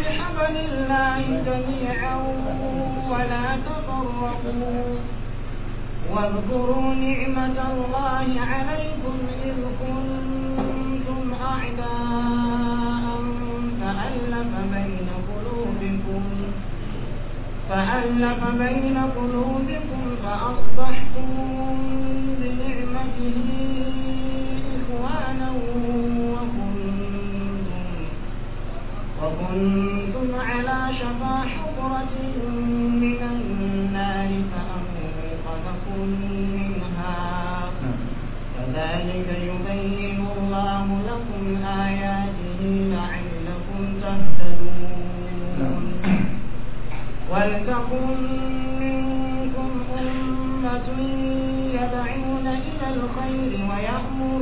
بحبل الله جميعا ولا تفرقوا واذكروا نعمة الله عليكم إذ كنتم أعداء فألف بين قلوبكم فألف بين قلوبكم فأصبحتم بنعمته إخوانا وكنتم وكنتم فشفى حفرة من النار فأنقذكم منها كذلك يبين الله لكم آياته لعلكم تهتدون ولتكن منكم أمة يدعون إلى الخير ويأمرون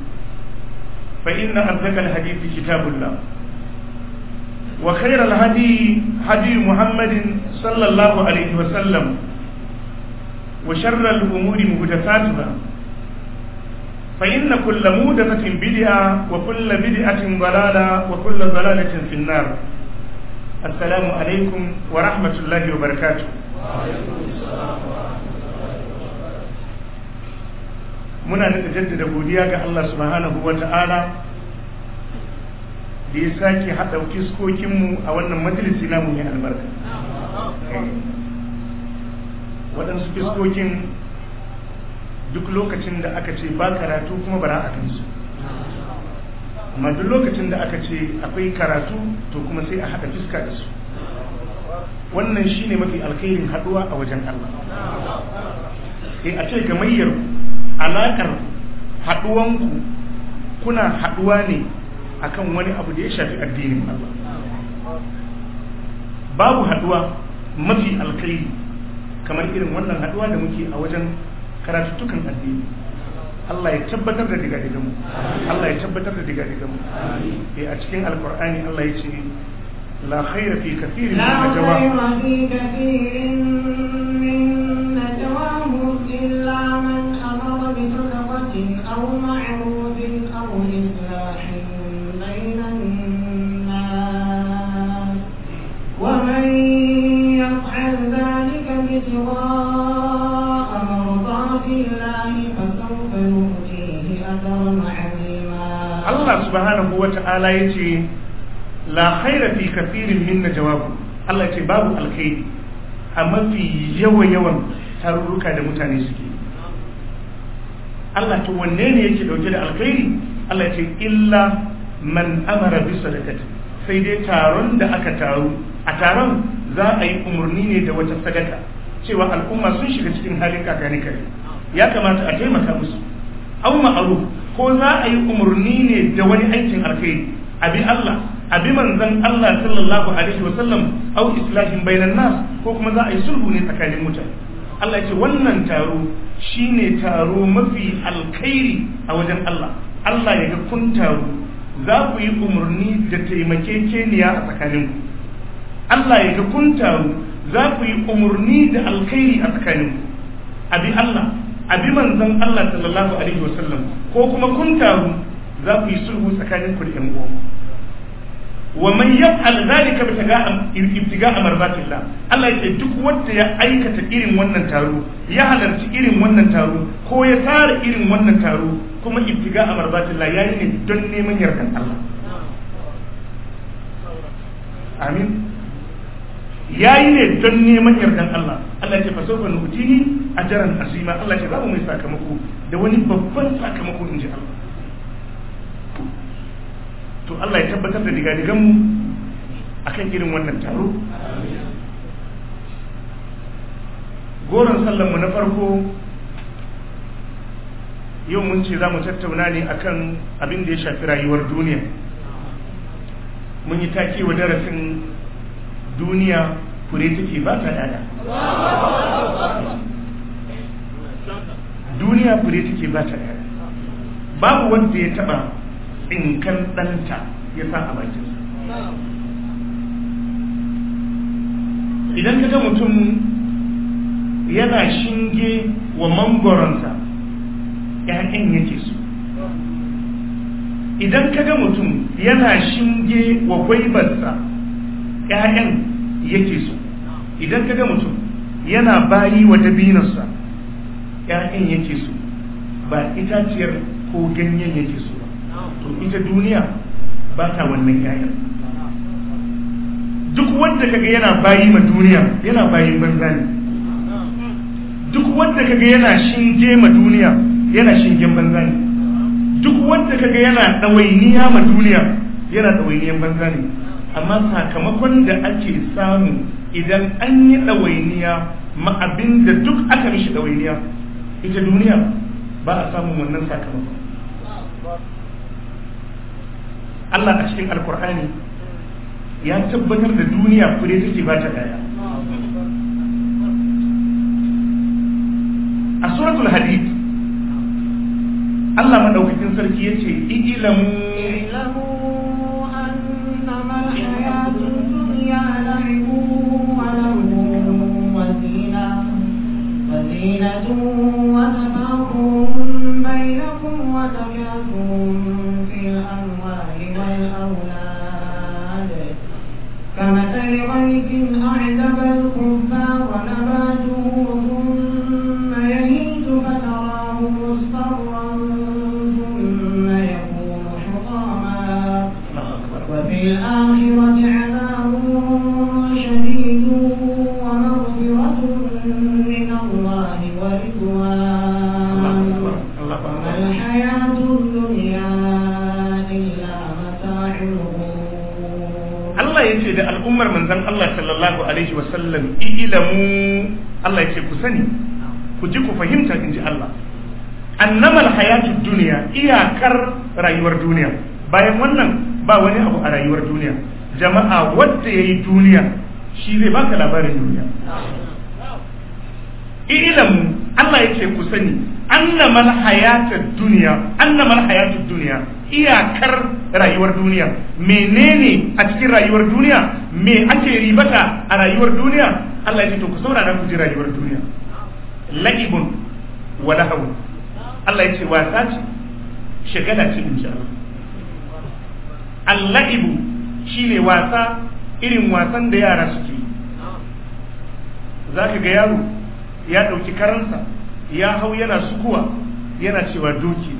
فإن أصدق الحديث كتاب الله وخير الهدي هدي محمد صلى الله عليه وسلم وشر الأمور محدثاتها فإن كل مودثة بدعة وكل بدعة ضلالة وكل ضلالة في النار السلام عليكم ورحمة الله وبركاته وعليكم السلام ورحمة الله muna nuka jaddada godiya ga Allah subhanahu wa ta'ala da ya sake haɗa kiskokinmu a wannan majalisi namu mai albarka waɗansu kiskokin duk lokacin da aka ce ba karatu kuma bara a kansu amma duk lokacin da aka ce akwai karatu to kuma sai a haɗa fiska da su wannan shine mafi alkhairin haɗuwa a wajen Allah sai eh, a ce gamayyar alakar haduwanku kuna haduwa ne akan wani abu da ya shafi addinin Allah babu haduwa mafi alkhairi kamar irin wannan haduwa da muke a wajen karatuttukan addini Allah ya tabbatar da diga mu Allah ya tabbatar da diga mu eh a cikin alkur'ani Allah ya ce la khayra fi kathirin min najwa la khayra fi kathirin min najwa illa man أو معروف أو إصلاح بين الناس ومن يفعل ذلك ابتغاء مرضات الله فسوف نؤتيه أجرا عظيما الله سبحانه وتعالى يتي لا خير في كثير من نجوابه Allah ce babu alkhairi a mafi yawa yawan tarurruka da mutane suke Allah ta wanne ne yake dauke da alkhairi Allah ce illa man amara bi sadaqati sai dai taron da aka taru a taron za a yi umarni ne da wata sadaka cewa al'umma sun shiga cikin halin kakani kare ya kamata a taimaka musu aw ma'ruf ko za a yi umarni ne da wani aikin alkhairi abi Allah abi manzan Allah sallallahu alaihi wasallam au islahin bainan nas ko kuma za a yi sulhu ne tsakanin mutane Allah ya ce wannan taro Shi ne taro mafi alkhairi a wajen Allah Allah ya ga kun taru za ku yi umarni da taimakekeniya a tsakaninku Allah ya ga kun taru za ku yi umarni da alkhairi a tsakaninku abi Allah abi manzon Allah sallallahu alaihi wasallam ko kuma kun taru za ku yi sulhu tsakaninku da yan wa man yaf'al zalika ibtiga'a ibtiga'a marzatillah Allah yake duk wanda ya aikata irin wannan taro ya halarci irin wannan taro ko ya tara irin wannan taro kuma ibtiga'a Allah yayi ne don neman yardan Allah amin yayi ne don neman yardan Allah Allah ya ce fa sawfa nutini ajran azima Allah ya ce za mu mai sakamako da wani babban sakamako inji Allah to Allah ya tabbatar da diga digan mu akan irin wannan taro goron mu na farko yau mun ce za mu tattauna ne akan abin da ya shafi rayuwar duniya mun yi take wa darasin duniya kure take ba ta yaya duniya kure take ba ta yaya babu wanda ya taba tsinkan ɗanta ya sa a bakinsa idan ka ga mutum yana shinge wa mangoronsa ‘ya'yan yake su idan ka ga mutum yana shinge wa gwaibarsa ‘ya'yan yake su idan ka ga mutum yana bayi wa dabinarsa ‘ya'yan yake su ba itaciyar ko ganyen yake su to ita duniya ba ta wannan ƴaƴan duk wanda kaga yana bayi ma duniya yana bayin banza ne duk wanda kaga yana shinge ma duniya yana shingen banza ne duk wanda kaga yana ɗawainiya ma duniya yana ɗawainiyan banza ne amma sakamakon da ake samu idan an yi ɗawainiya ma abin da duk aka mishi ɗawainiya ita duniya ba a samun wannan sakamakon Allah a cikin alkur'ani ya tabbatar da duniya kure take ba ta daya a suratul hadid Allah madaukakin sarki yace ce وزينة وتفاخر بينكم الأولاد كمثل غيث alaihi wasallam ilamu Allah ya ce ku sani ku ji ku fahimta in ji Allah annamal hayatud duniya iyakar rayuwar duniya bayan wannan ba wani abu a rayuwar duniya jama'a wanda yayi duniya shi zai baka labarin duniya ilamu Allah ya ce ku sani annamal hayatud duniya annamal hayatud duniya iyakar rayuwar duniya menene a cikin rayuwar duniya me ake ribata a rayuwar duniya Allah ya ce to ku saurara ku ji rayuwar duniya la'ibun wa Allah ya ce wasa ce shagala ce in al-la'ibu shine wasa irin wasan da yara suke za ka ga yaro ya ɗauki karansa ya hau yana sukuwa yana cewa doki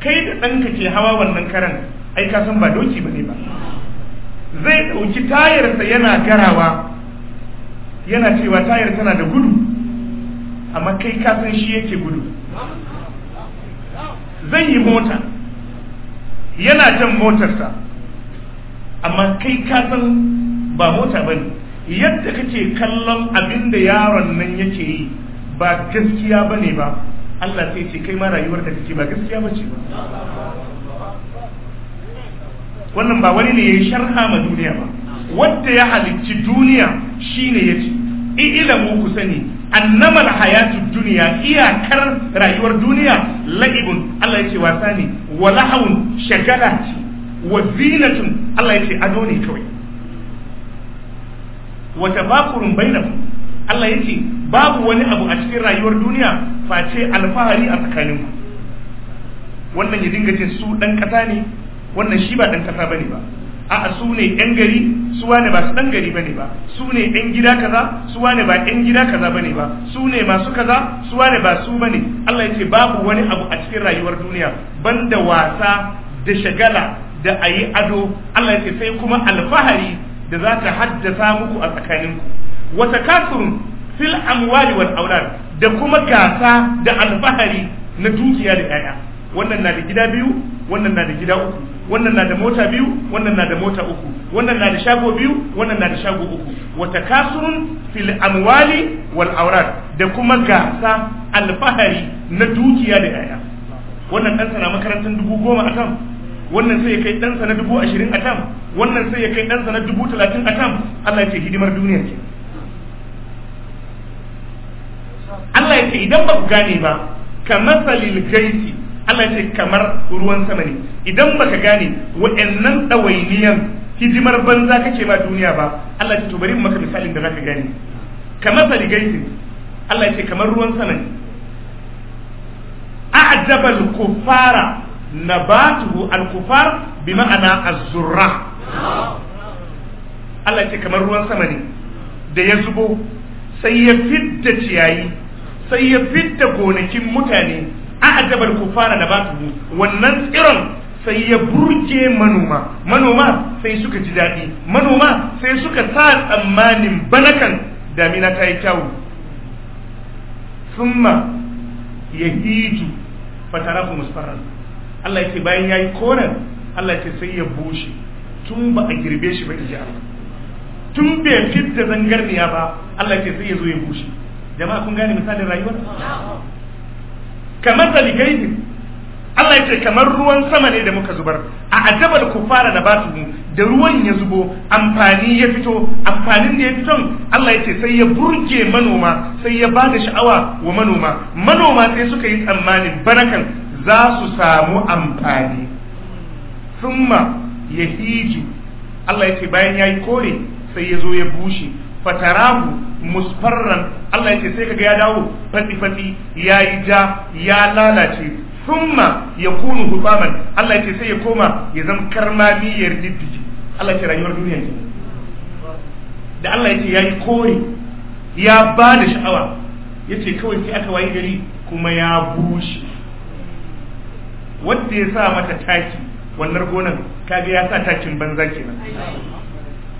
kai da ɗanka ke hawa wannan karan ai ka san ba doki ba ne ba zai ɗauki tayarsa yana garawa yana cewa tayar tana da gudu amma kai ka san shi yake gudu zai yi mota yana jan motarsa amma kai ka san ba mota ba ne yadda kake kallon abin da yaron nan yake yi ba gaskiya ba ne ba Allah sai ce kai ma rayuwar da kake ba gaskiya ba ce ba wannan ba wani ne ya yi sharha ma duniya ba wanda ya halicci duniya shine ya ce ilamu ku sani annamal hayatud duniya iyakar rayuwar duniya la'ibun Allah ya ce wasa ne wa lahawun shagala ce wa zinatun Allah ya ce ado ne kawai wa tafakurun bainakum Allah ya ce babu wani abu a cikin rayuwar duniya face alfahari a tsakaninku wannan ya dinga ce su ɗan ƙasa ne wannan shi ba ɗan ƙasa bane ba a'a su ne yan gari su wane ba su ɗan gari bane ba su ne yan gida kaza su wane ba yan gida kaza bane ba su ne masu kaza su wane ba su bane Allah ya ce babu wani abu a cikin rayuwar duniya banda wasa da shagala da ayi ado Allah ya ce sai kuma alfahari da za ta haddasa muku a tsakaninku wa takasurun fil amwali wal aulad da kuma gasa da alfahari na dukiya da yaya wannan na da gida biyu wannan na da gida uku wannan na da mota biyu wannan na da mota uku wannan na da shago biyu wannan na da shago uku Wata takasurun fil amwali wal aulad da kuma gasa alfahari na dukiya da yaya wannan ɗansa na makarantar dubu goma a kan wannan sai ya kai ɗansa na dubu ashirin a tam wannan sai ya kai ɗansa na dubu talatin a tam Allah ce hidimar duniyar ke Allah ya ce idan ba ku gane ba ka masalil gaisi Allah ya ce kamar ruwan sama ne idan baka gane wa'annan ɗawainiyan hidimar banza kake ma duniya ba Allah ya ce to bari maka misalin da zaka gane ka masalil gaisi Allah ya ce kamar ruwan sama ne a'jabal kuffara nabatuhu al-kufar bi ma'ana az-zurra Allah ya ce kamar ruwan sama ne da ya zubo sai ya fidda ciyayi sai ya fidda gonakin mutane a ku fara da ba su wannan tsiron sai ya burge manoma manoma sai suka ji daɗi manoma sai suka sa tsammanin banakan damina ta yi kyawu summa ya hiji fatara ku musfarar Allah yake bayan ya yi koren Allah yake sai ya bushe tun ba a girbe shi ba in ji Allah tun bai fit da zangarniya ba Allah yake sai ya zo ya bushe jama'a kun gane misalin rayuwa kamar zaligaitin Allah ya ce kamar ruwan sama ne da muka zubar a ajabal kufara na basu da ruwan ya zubo amfani ya fito amfanin da ya fito Allah ya ce sai ya burge manoma sai ya bada sha'awa wa manoma manoma sai suka yi tsammanin barakan za su samu amfani thumma yahiju Allah ya ce bayan ya yi kore sai ya zo ya bushe fatarahu musfarran Allah ce sai kaga ya dawo fadi fadi yi ja ya lalace thumma yakunu hubaman Allah ce sai ya koma ya zama karmami ya riddici Allah yace rayuwar duniya ce da Allah ya yayi kore ya ba da sha'awa yace kawai sai aka wayi gari kuma ya bushe wanda ya sa mata taki wannan gonan kaga ya sa takin banza kenan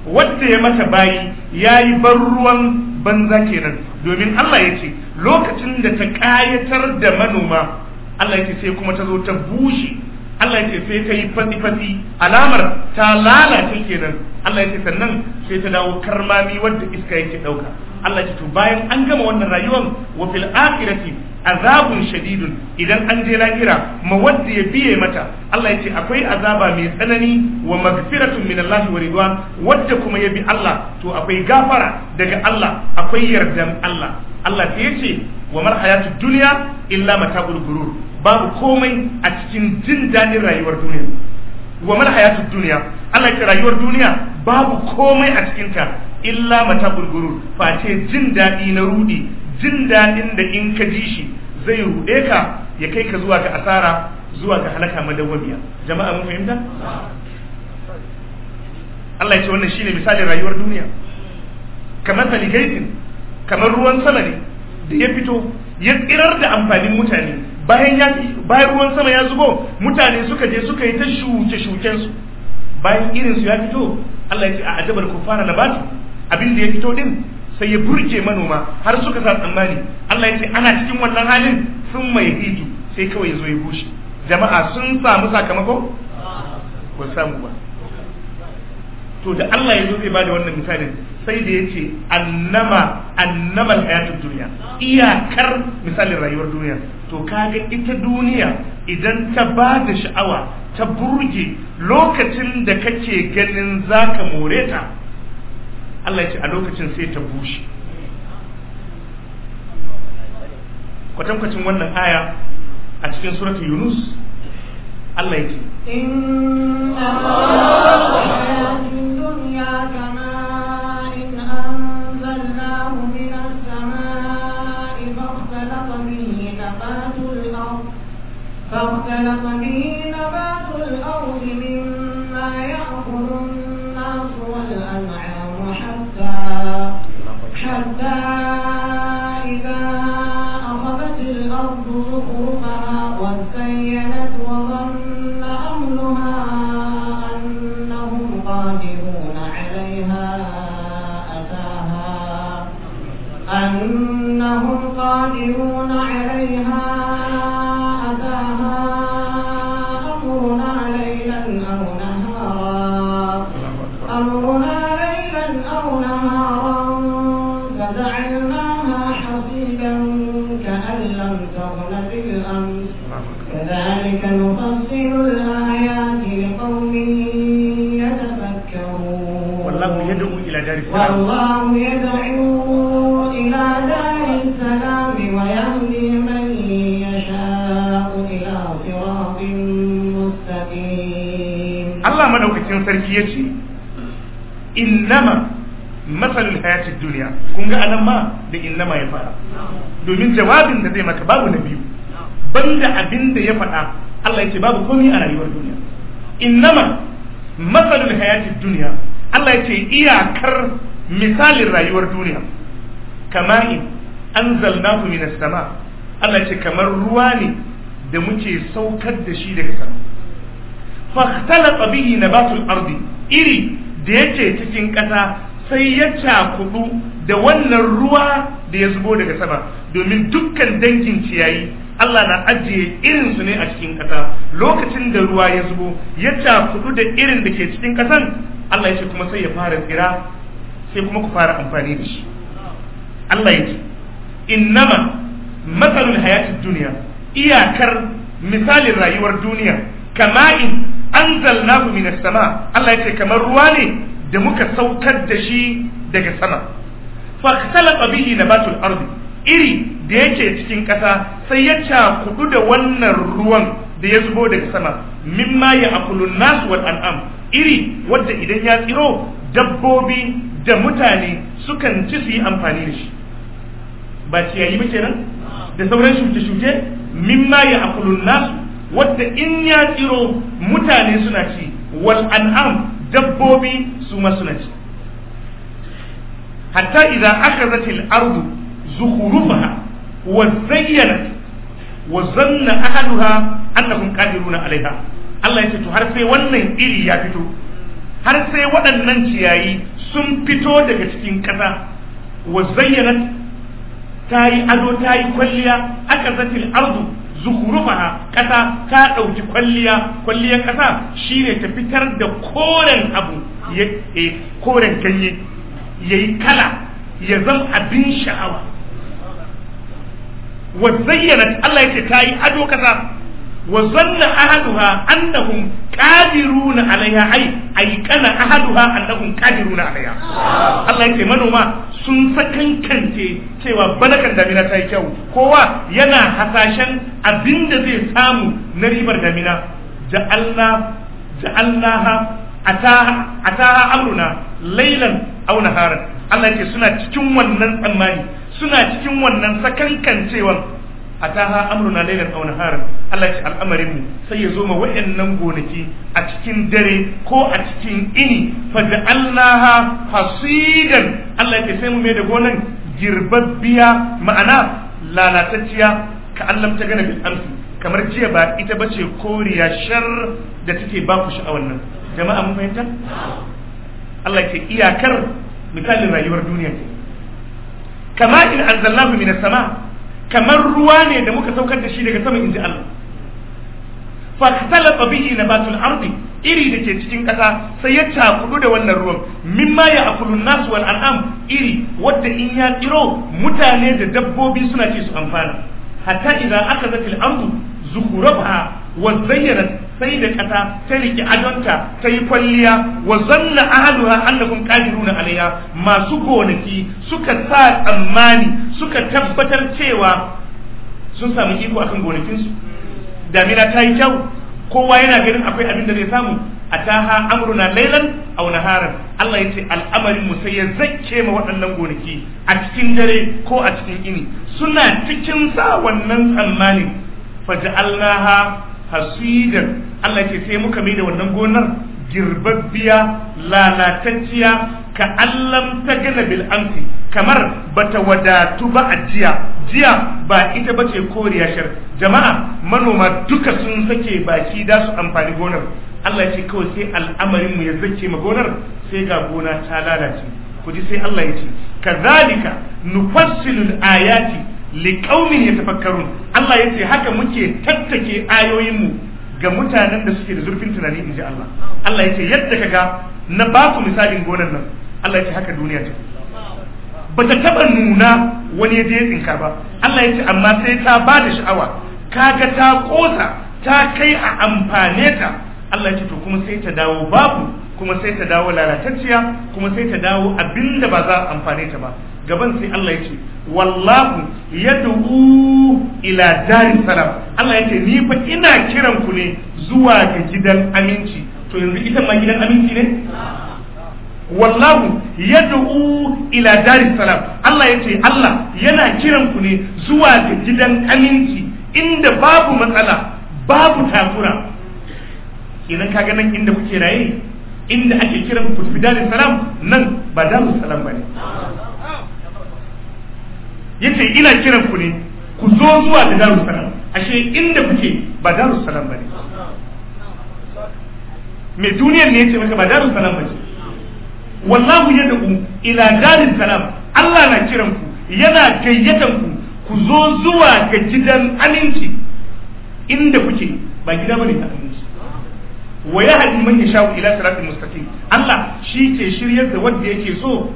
wadda ya mata bayi ya yi ban ruwan banza kenan domin Allah ya ce lokacin da ta ƙayatar da manoma Allah ya ce sai kuma ta zo ta bushe Allah ya ce sai ta yi fasi-fasi alamar ta lalace kenan Allah ya ce sannan sai ta dawo karmami wadda iska yake ɗauka Allah ya to bayan an gama wannan rayuwar wa fil akhirati azabun shadidun idan an je lahira ma wanda ya biye mata Allah ya ce akwai azaba mai tsanani wa magfiratun min Allah wa ridwan wanda kuma ya bi Allah to akwai gafara daga Allah akwai yardan Allah Allah ta yace wa mar hayatud dunya illa mata'ul gurur babu komai a cikin jin dadin rayuwar duniya wa mar hayatud dunya Allah ya rayuwar duniya babu komai a cikin ta illa mata gurgurur face jin daɗi na rudi jin daɗin da in ka ji shi zai ruɗe ka ya kai ka zuwa ga asara zuwa ga halaka madawwamiya jama'a mun fahimta Allah ya ce wannan shine misalin rayuwar duniya kamar saligaitin kamar ruwan sama ne da ya fito ya tsirar da amfanin mutane bayan ya bayan ruwan sama ya zubo mutane suka je suka yi ta shuke shuken su bayan irin su ya fito Allah ya ce a ajabar kufara nabatu abin da ya fito din sai ya burge manoma har suka sa tsammani Allah ya ce ana cikin wannan halin sun mai hidu sai kawai ya zo ya bushe jama'a sun samu sakamako ko samu ba to da Allah ya zo zai bada wannan misalin sai da ya ce annama annama hayatun duniya iyakar misalin rayuwar duniya to kaga ita duniya idan ta bada sha'awa ta burge lokacin da kake ganin zaka more ta Allah ya ce a lokacin sai ta bushe kwatankwacin wannan aya a cikin suratun yunus Allah ya ce فاختلط به حتى إذا أخذت الأرض زخرفها وازينت وظن أهلها أنهم قادرون عليها أتاها أنهم قادرون عليها فالله يدعو إلى دار السلام ويهدي من يشاء إلى صراط مستقيم الله ما لو كتن إنما مثل الحياة الدنيا أنا ما يفعل domin jawabin da zai maka babu na biyu banda abin da ya faɗa Allah ya ce babu komi a rayuwar duniya innama matsalul hayatid duniya Allah ya ce iyakar misalin rayuwar duniya kamar in ku minas sama Allah ce kamar ruwa ne da muke saukar da shi daga sama fahtalata bihi nabatul ardi iri da yake cikin ƙasa sai ya cakudu da wannan ruwa da ya zubo daga sama domin dukkan dangin ciyayi Allah na ajiye irinsu ne a cikin ƙasa lokacin da ruwa ya zubo ya cakudu da irin da ke cikin ƙasan Allah ya ce kuma sai ya fara tsira sai kuma ku fara amfani da shi Allah yake innama matsalul hayatid duniya iyakar misalin rayuwar duniya kama'in anzalnahu minas sama Allah ce kamar ruwa ne da muka saukar da shi daga sama fa khalaqa bihi nabatul ardi iri da yake cikin ƙasa sai ya cakudu da wannan ruwan da ya zubo daga sama mimma ya akulun nasu wal an'am iri wadda idan ya tsiro dabbobi da mutane sukan ci su yi amfani da shi ba ciyayi ba kenan da sauran shuke-shuke mimma ya akulun nasu wadda in ya tsiro mutane suna ci wal an'am dabbobi su ma suna ci hatta idan aka zatil ardu zuhurufaha wa zayyana wa zanna ahaduha annahum qadiruna alaiha Allah ya ce to har sai wannan iri ya fito har sai waɗannan ciyayi sun fito daga cikin ƙasa wa zayyanat ta yi ado ta yi kwalliya aka zatil ardu zuhurufaha ƙasa ta ɗauki kwalliya kwalliyar ƙasa shine ta fitar da koren abu ya eh, koren ganye ya yi kala ya zama abin sha'awa wa zayyanat Allah ya ce ta yi ado ƙasa وظن أحدها أنهم قادرون عليها أي أيقن أحدها أنهم قادرون عليها الله يكي manoma sun sakankance cewa bana kan damina ta yi kyau kowa yana hasashen abin da zai samu na ribar damina ja'alnaha ataha amruna lailan aw naharan Allah yake suna cikin wannan tsammani suna cikin wannan sakankancewan A ataha amruna lailan auna harin. Allah ya al'amarin mu sai ya zo ma wayannan gonaki a cikin dare ko a cikin ini fa da Allah hasidan Allah ya sai mu mai da gonan girbabbiya ma'ana lalatacciya ka Allah ta gana bil amsi kamar jiya ba ita ce koriya shar da take ba ku sha'awan nan jama'a mun fahimta Allah ke iyakar misalin rayuwar duniya kama in anzalnahu minas sama' kamar ruwa ne da muka saukar da shi daga sama inji Allah fa katalaba bihi nabatul ardi iri da ke cikin ƙasa sai ya cakudu da wannan ruwan mimma ya akulu nasu wal an'am iri wadda in ya tsiro mutane da dabbobi suna ci su amfana hatta aka akazatil ardu zuhurabha wa zayyana sai da kasa ta riki adonta ta yi kwalliya wa zanna ahluha annakum qadiruna alaiha masu gonaki suka sa tsammani suka tabbatar cewa sun samu iko akan gonakinsu damina ta yi kyau kowa yana ganin akwai abin da zai samu a taha amruna lailan aw naharan Allah yace al'amarin mu sai ya zakke ma waɗannan gonaki a cikin dare ko a cikin ini suna cikin sa wannan tsammanin faj'alnaha hasidan Allah ce sai muka mai da wannan gonar girbabbiya lalatacciya ka allam ta gana bil amsi kamar bata wadatu ba a jiya jiya ba ita bace koriya shar jama'a manoma duka sun sake baki da su amfani gonar Allah ce kawai sai al'amarin mu ya zace ma gonar sai ga gona ta lalace ku ji sai Allah ya ce kazalika nufassilu ayati liƙaumin ya tafakkarun Allah ya ce haka muke tattake ayoyinmu ga mutanen da suke da zurfin tunani in ji Allah Allah ya ce yadda ka ga na ba ku misalin gonan nan Allah ya ce haka duniya ce ba ta taɓa nuna wani ya je ya tsinka ba Allah ya ce amma sai ta ba da sha'awa kaga ta ƙosa ta kai a amfane ta Allah ya ce to kuma sai ta dawo babu kuma sai ta dawo lalatacciya kuma sai ta dawo abinda ba za a amfane ta ba gaban sai Allah ya ce wallahu yad'u ila daris salam Allah ya ce ni fa ina kiran ku ne zuwa ga gidan aminci to yanzu ita ma gidan aminci ne wallahu yad'u ila daris salam Allah ya ce Allah yana kiran ku ne zuwa ga gidan aminci inda babu matsala babu takura idan kaga nan inda kuke raye inda ake kiran kutbidar salam nan ba damu salam bane yace ina kiran ku ne ku zo zuwa da daru salam ashe inda kuke ba daru salam bane me duniyar ne yace maka ba daru salam bace wallahu yad'u ila dar salam Allah na kiran ku yana gayyatan ku ku zo zuwa ga gidan aminci inda kuke ba gida bane ta aminci wa ya haɗi man yasha ila siratal mustaqim Allah shi ke shiryar da wanda yake so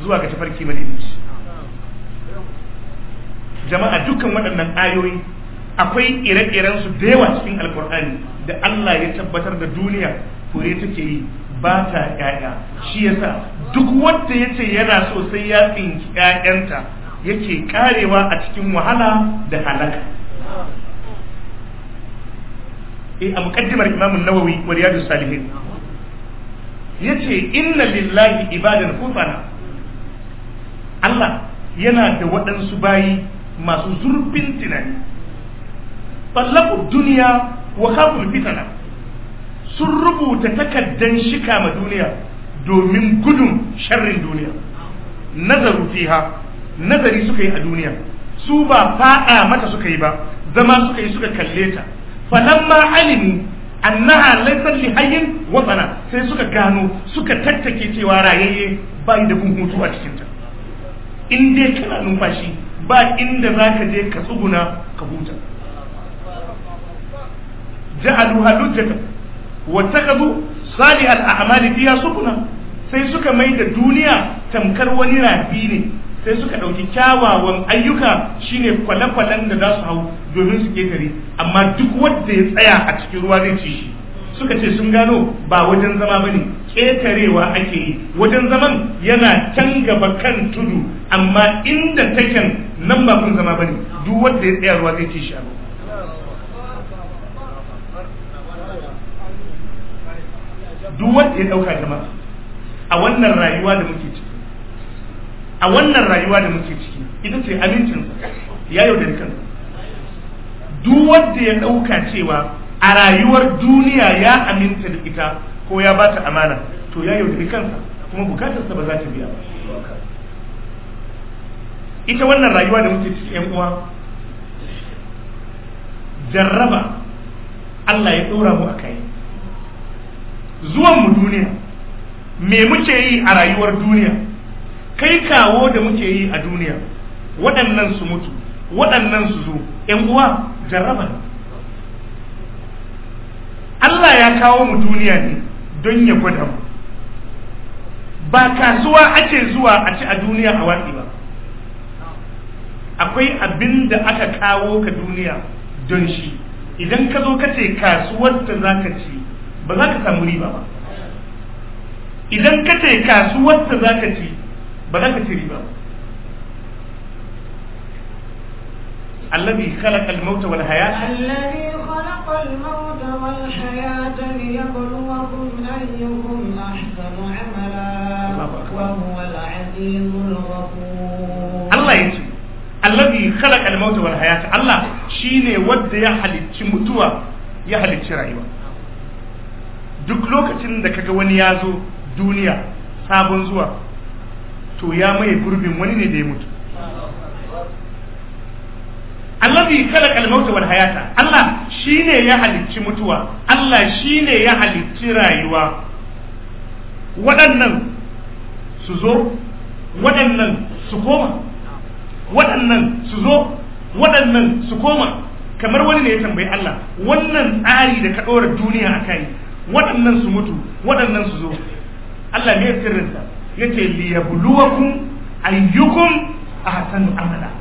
zuwa ga tafarki madaidaici jama'a dukkan waɗannan ayoyi akwai ire-iren su da yawa cikin alkur'ani da Allah ya tabbatar da duniya fure take yi ba ta 'ya'ya, shi yasa duk wanda yace yana so sai ya tsinki ƴaƴanta yake karewa a cikin wahala da halaka Eh, a muqaddimar Imam an-Nawawi wa Riyadus Ya ce, inna lillahi ibadan khutana Allah yana da waɗansu bayi masu zurfin tunani tsallaku duniya wa fitana sun rubuta takardan shika ma duniya domin gudun sharrin duniya nazaru fiha nazari suka yi a duniya su ba fa'a mata suka yi ba zama suka yi suka kalle ta falamma alimu annaha laysat li hayyin wa sana sai suka gano suka tattake cewa rayayye ba da kun hutu a in dai kana numfashi ba inda zaka je ka tsuguna ka huta ja'alu halujjata wa takadu salih al-a'mali fiha sukuna sai suka mai da duniya tamkar wani rafi ne sai suka ɗauki kyawawan ayyuka shine kwale-kwalen da za su hau domin su ketare amma duk wanda ya tsaya a cikin ruwa zai ci shi suka ce sun gano ba wajen zama bane ketarewa ake yi wajen zaman yana can gaba kan tudu amma inda taken nan ba kun zama bane duk wanda ya tsaya ruwa zai ci shi a duk wanda ya dauka jama'a a wannan rayuwa da muke ciki a wannan rayuwa da muke ciki ita ce amincin ya yaudari kansa duk wanda ya ɗauka cewa a rayuwar duniya ya aminta da ita ko ya ba ta amana to ya yaudari kansa kuma bukatarsa ba za ta biya ba ita wannan rayuwa da muke ciki yan uwa jarraba Allah ya ɗora mu a kai zuwan mu duniya me muke yi a rayuwar duniya kai kawo da muke yi a duniya waɗannan su mutu waɗannan su zo yan uwa jarraba Allah ya kawo mu duniya ne don ya gwada mu ba kasuwa ake zuwa a ci a duniya a waɗi ba akwai abin da aka kawo ka duniya don shi idan ka zo ka ce kasuwar da za ka ci ba za ka samu riba ba idan ka ce kasuwar da za ka ci ba za ka ci riba ba الذي خلق الموت والحياة الذي خلق الموت والحياة ليبلوكم أيكم أحسن عملا وهو العزيز الغفور الله يجي الذي خلق الموت والحياة الله شيني ود يحل متوى يحل رأيوة duk lokacin da kaga wani ya zo duniya sabon zuwa to ya maye gurbin wani ne da ya mutu allazi khalaqa al-mauta wal hayata Allah shine ya halicci mutuwa Allah shine ya halicci rayuwa waɗannan su zo waɗannan su koma waɗannan su zo waɗannan su koma kamar wani ne ya tambayi Allah wannan tsari da ka ɗora duniya a kai waɗannan su mutu waɗannan su zo Allah ne sirrinsa yace liyabluwakum ayyukum ahsanu amala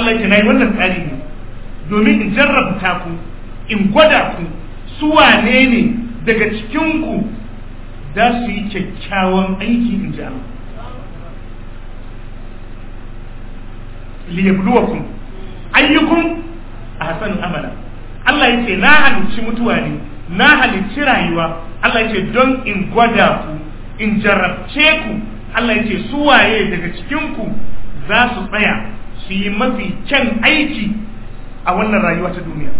Allah ce yi wannan tsari ne domin in jarrabta ku in gwada ku su wane ne daga cikin ku za su yi kyakkyawan aiki in ji Allah ayyukun a ahsanu amala Allah ya ce na halicci mutuwa ne na halicci rayuwa Allah ya ce don in gwada ku in jarrabce ku Allah ya ce su waye daga cikin ku za su tsaya su yi mafi can aiki a wannan rayuwa ta duniya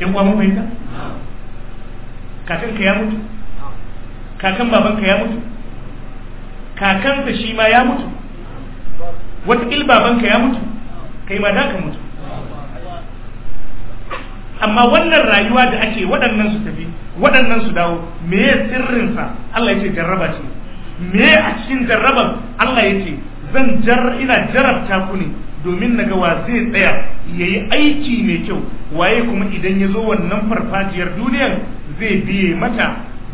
yan uwa mun ta kakanka ya mutu kakan babanka ya mutu kakansa shi ma ya mutu wataƙil babanka ya mutu kai ma da ka mutu amma wannan rayuwa da ake waɗannan su tafi waɗannan su dawo me sirrinsa Allah ya ce jarraba ce me a cikin jarrabar Allah ya ce zan jar ina jarabta ku ne domin naga wa zai tsaya yi aiki mai kyau waye kuma idan ya zo wannan farfajiyar duniyar zai biye mata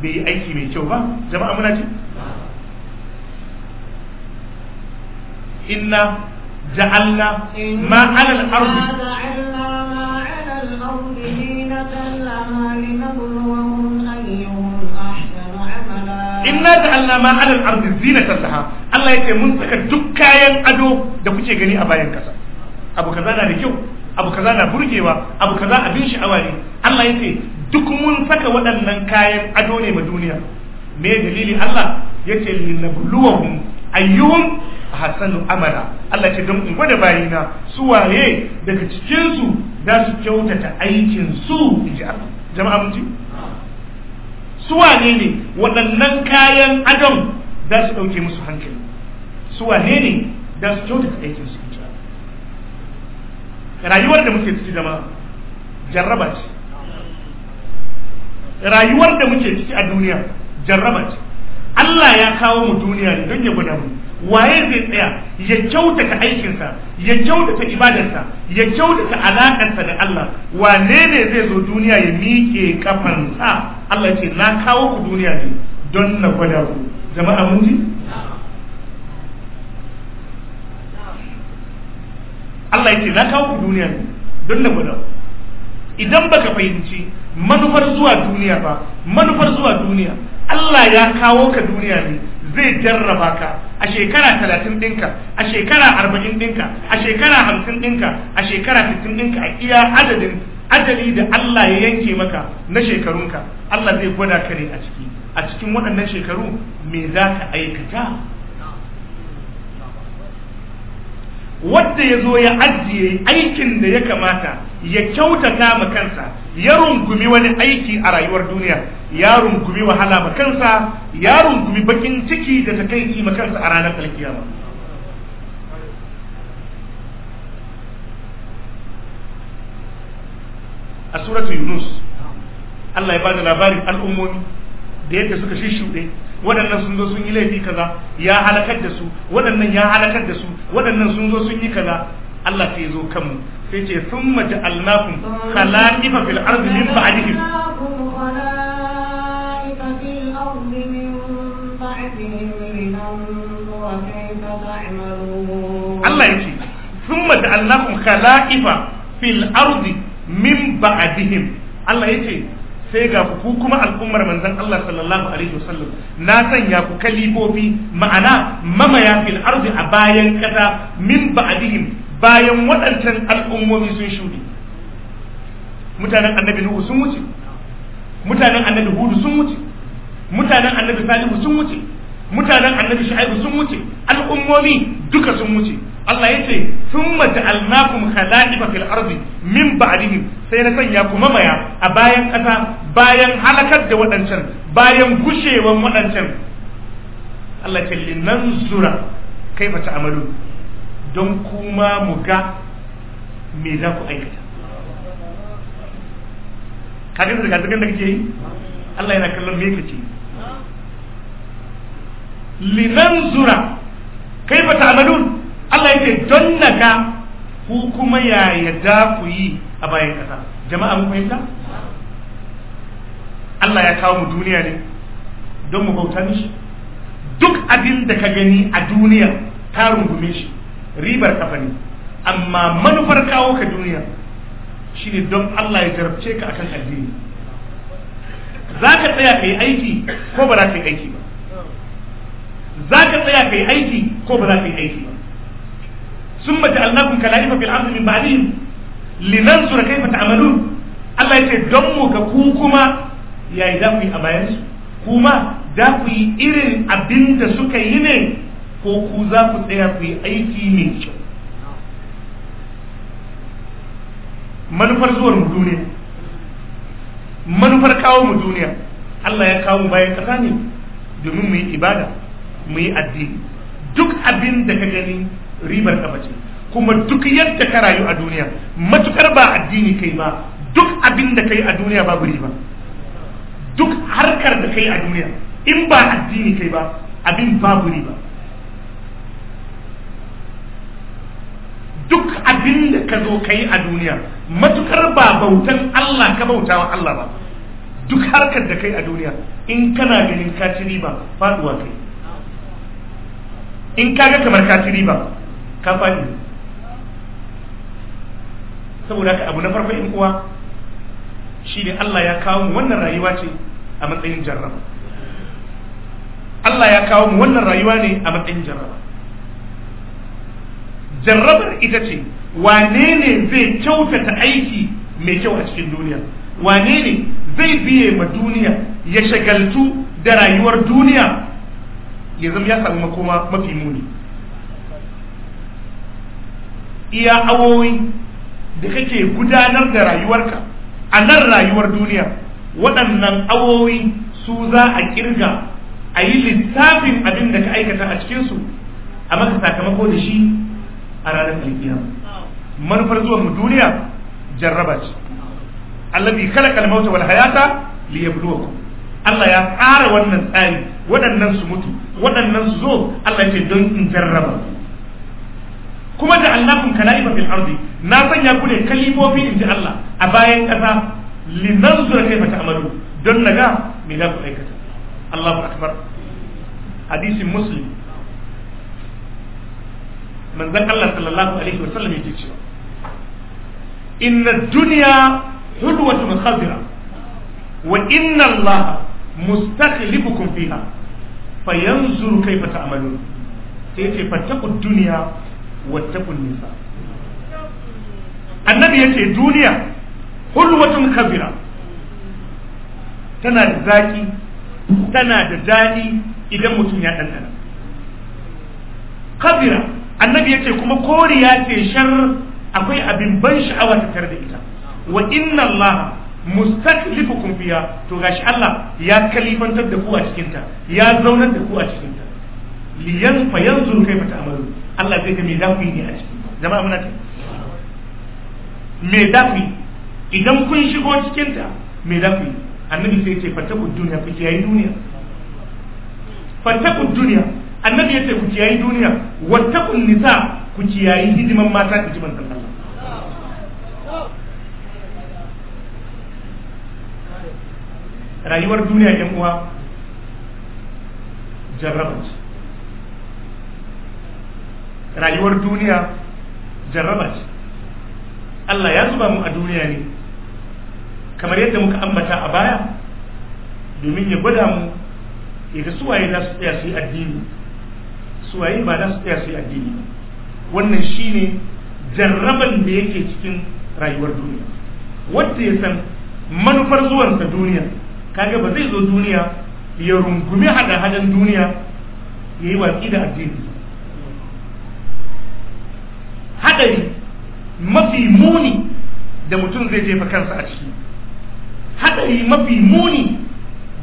bai yi aiki mai kyau ba jama'a muna ji inna ja'alna ma ja'alna ma 'ala inna ja'alna ma 'ala al-ardi zinatan laha Allah yake mun saka duk kayan ado da kuke gani a bayan kasa abu kaza na da kyau abu kaza na burgewa abu kaza abin sha'awa ne Allah yake duk mun saka waɗannan kayan ado ne ma duniya me dalili Allah yace linabluwahum ayyuhum ahsanu amala Allah ce don in gwada bayina su waye daga cikin su za su kyautata aikin su inji Allah jama'a mun ji su wane ne waɗannan kayan adam za su ɗauke musu hankali su wane ne za su kyautata aikin su rayuwar da muke ciki jama'a jarraba ce rayuwar da muke ciki a duniya jarraba ce Allah ya kawo mu duniya don ya gwada mu waye zai tsaya ya kyautata aikinsa ya kyautata ibadarsa ya kyautata alakarsa da Allah wane ne zai zo duniya ya miƙe kafansa Allah ce na kawo ku duniya ne don na gwada ku jama'a mun ji Allah ya ce na kawo ku duniya ne don na gwada ku idan baka fahimci manufar zuwa duniya ba manufar zuwa duniya Allah ya kawo ka duniya ne zai jarraba ka a shekara talatin ɗinka a shekara arba'in ɗinka a shekara hamsin ɗinka a shekara sittin ɗinka a iya adadin adali da Allah ya yanke maka na shekarunka Allah zai gwada ka ne a ciki a cikin waɗannan shekaru me za ka aikata wadda ya zo ya ajiye aikin da ya kamata ya kyautata ma kansa ya rungumi wani aiki a rayuwar duniya ya rungumi wahala ma kansa ya rungumi bakin ciki da takaici ma kansa a ranar alkiyama a suratu yunus Allah ya bada labarin al'ummomi da yadda suka shishuɗe waɗannan sun zo sun yi laifi kaza ya halakar da su waɗannan ya halakar da su waɗannan sun zo sun yi kaza Allah sai zo kanmu sai ce sun maji alnakun khala'ifa fil arzi min Allah ya ce تعملون الله يجي fil جعلناهم min في الأرض Allah ya ce sai ga ku kuma al'ummar manzan Allah sallallahu alaihi wasallam na sanya ku kalibobi ma'ana mamaya fil ardi a bayan kasa min ba'dihim bayan waɗancan al'ummomi sun shuɗe mutanen annabi nuhu sun wuce mutanen annabi hudu sun wuce mutanen annabi salihu sun wuce mutanen annabi shu'aibu sun wuce al'ummomi duka sun wuce Allah ya ce thumma ja'alnakum khala'ifa fil ardi min ba'dihim sai na sanya ku mamaya a bayan kasa bayan halakar da waɗancan bayan gushewan waɗancan Allah ya ce linanzura kaifa ta'malu don kuma mu ga me za ku aikata kaga da da kake yi Allah yana kallon me kake yi linanzura ta ta'malun Allah yake don naga ku kuma ya yadda ku yi a bayan kasa jama'a mun fahimta Allah ya kawo mu duniya ne don mu bauta mishi duk abin da ka gani a duniya ta rungume shi ribar kafa ne amma manufar kawo ka duniya shine don Allah ya jarabce ka akan addini za ka tsaya ka yi aiki ko ba za ka yi aiki ba za ka tsaya kai aiki ko ba za ka yi aiki ba sun mace alnakun kalaifa fil ardi min su linansura kaifa ta'malun Allah ya ce don mu ga ku kuma yayi da ku yi a bayansu kuma da ku yi irin abin da suka yi ne ko ku za ku tsaya ku yi aiki mai kyau manufar zuwar mu duniya manufar kawo mu duniya Allah ya kawo bayan kasa ne domin mu yi ibada mu yi addini duk abin da ka gani ribar ka bace kuma duk yadda ka rayu a duniya matukar ba addini kai ba duk abin da kai a duniya babu riba duk harkar da kai a duniya in ba addini kai ba abin babu riba duk abin da ka zo kai a duniya matukar ba bautan Allah ka bauta wa Allah ba duk harkar da kai a duniya in kana ganin ka ci riba faduwa kai in kaga kamar ka ci riba ka faɗi saboda haka abu na farko in uwa shi ne Allah ya kawo mu wannan rayuwa ce a matsayin jarraba Allah ya kawo mu wannan rayuwa ne a matsayin jarraba jarrabar ita ce wane ne zai kyautata aiki mai kyau a cikin duniya wane ne zai biye ma duniya ya shagaltu da rayuwar duniya ya ya samu makoma mafi muni iya awowi da kake gudanar da rayuwarka a nan rayuwar duniya waɗannan awowi su za a kirga a yi littafin abin da ka aikata a cikinsu a maka sakamako da shi a ranar alkiyama manufar zuwa mu duniya jarraba ce allazi wal hayata liyabluwakum Allah ya tsara wannan tsari waɗannan su mutu waɗannan zo Allah ce don in jarraba kuma da annakun kala'iba fil ardi na sanya ku ne kalifofi in ji Allah a bayan ƙasa linanzura kaifa Amadu don naga me za ku aikata Allahu akbar hadisin muslim manzon Allah sallallahu alaihi wa sallam yake cewa inna dunya hulwatun khadira wa inna Allah mustakhlifukum fiha fa yanzuru kaifa ta'malun sai ce fattaqud dunya wattaqun nisa annabi yace duniya hulwatun kabira tana da zaki tana da daɗi idan mutum ya ɗanɗana kabira annabi yace kuma koriya ce shar akwai abin ban sha'awa ta tare da ita wa inna allaha mustaklifukum fiya to gashi Allah ya kalifantar da ku a cikin ta ya zaunar da ku a cikin ta liyan fa yanzuru kaifa ta'malu Allah zai ga me za ku yi ne a ciki jama'a muna ta me za ku idan kun shigo cikin ta me za ku yi annabi sai ce fataku duniya ku kiyayi duniya fataku duniya annabi ya ce ku kiyayi duniya wattakun nisa ku kiyayi hidiman mata hidiman Allah rayuwar duniya yan uwa jarraba rayuwar duniya jarraba Allah ya zuba mu a duniya ne kamar yadda muka ambata a baya domin ya gwada mu ya ga suwaye za su tsaya su yi addini suwaye ba za su tsaya su yi addini ba wannan shine jarraban da yake cikin rayuwar duniya wadda ya san manufar zuwansa duniya kaga ba zai zo duniya ya rungumi hada hadan duniya ya yi watsi da addini hadari mafi muni da mutum zai jefa kansa a ciki hadari mafi muni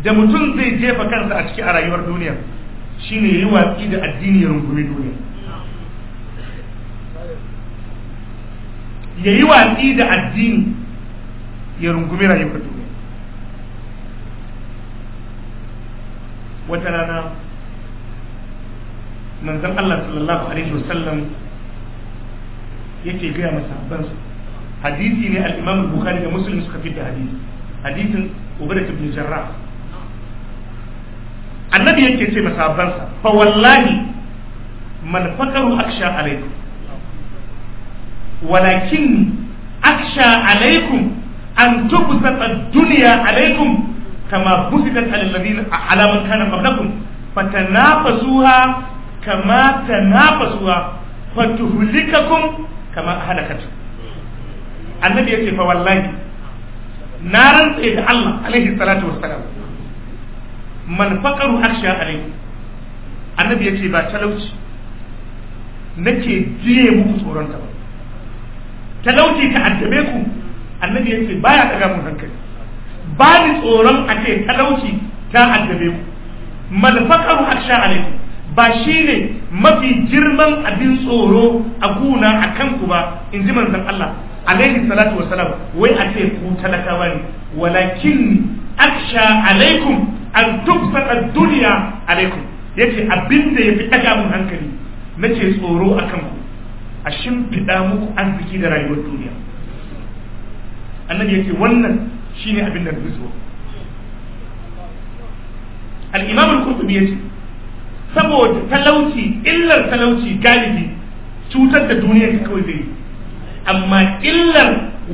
da mutum zai jefa kansa a ciki a rayuwar duniya shine ya yi watsi da addini ya rungumi duniya ya yi watsi da addini ya rungumi rayuwar duniya wata rana manzon Allah sallallahu alaihi wasallam yake gaya masahabban su hadisi ne al-Imam Bukhari da Muslim suka fitta hadisi hadisin Ubadah ibn Jarrah annabi yake ce masahabban sa fa wallahi man fakaru aksha alaikum walakin aksha alaikum an tubsata ad-dunya alaikum kama busitat alal ladina ala man kana qablakum fatanafasuha kama tanafasuha fatuhlikakum kama halakat annabi yace fa wallahi na rantsa da Allah alaihi salatu wassalam man faqaru akhsha alaihi annabi yace ba talauci nake jiye muku tsoron ta ba talauci ta ku annabi yace baya ɗaga mun hankali ba ni tsoron a ce talauci ta addabe ku malfaqaru aksha alaikum ba shine mafi girman abin tsoro a kuna a kanku ba in ji manzon Allah alaihi salatu wa salam wai a ce ku talakawa ne walakin aksha alaikum an tubsata duniya alaikum yace abin da yafi daga mun hankali nace tsoro a kanku a shimfiɗa muku arziki da rayuwar duniya annabi yace wannan shine abin da nufi so al-imam al saboda talauci illar talauci galibi cutar da duniya ka kawai zai amma illar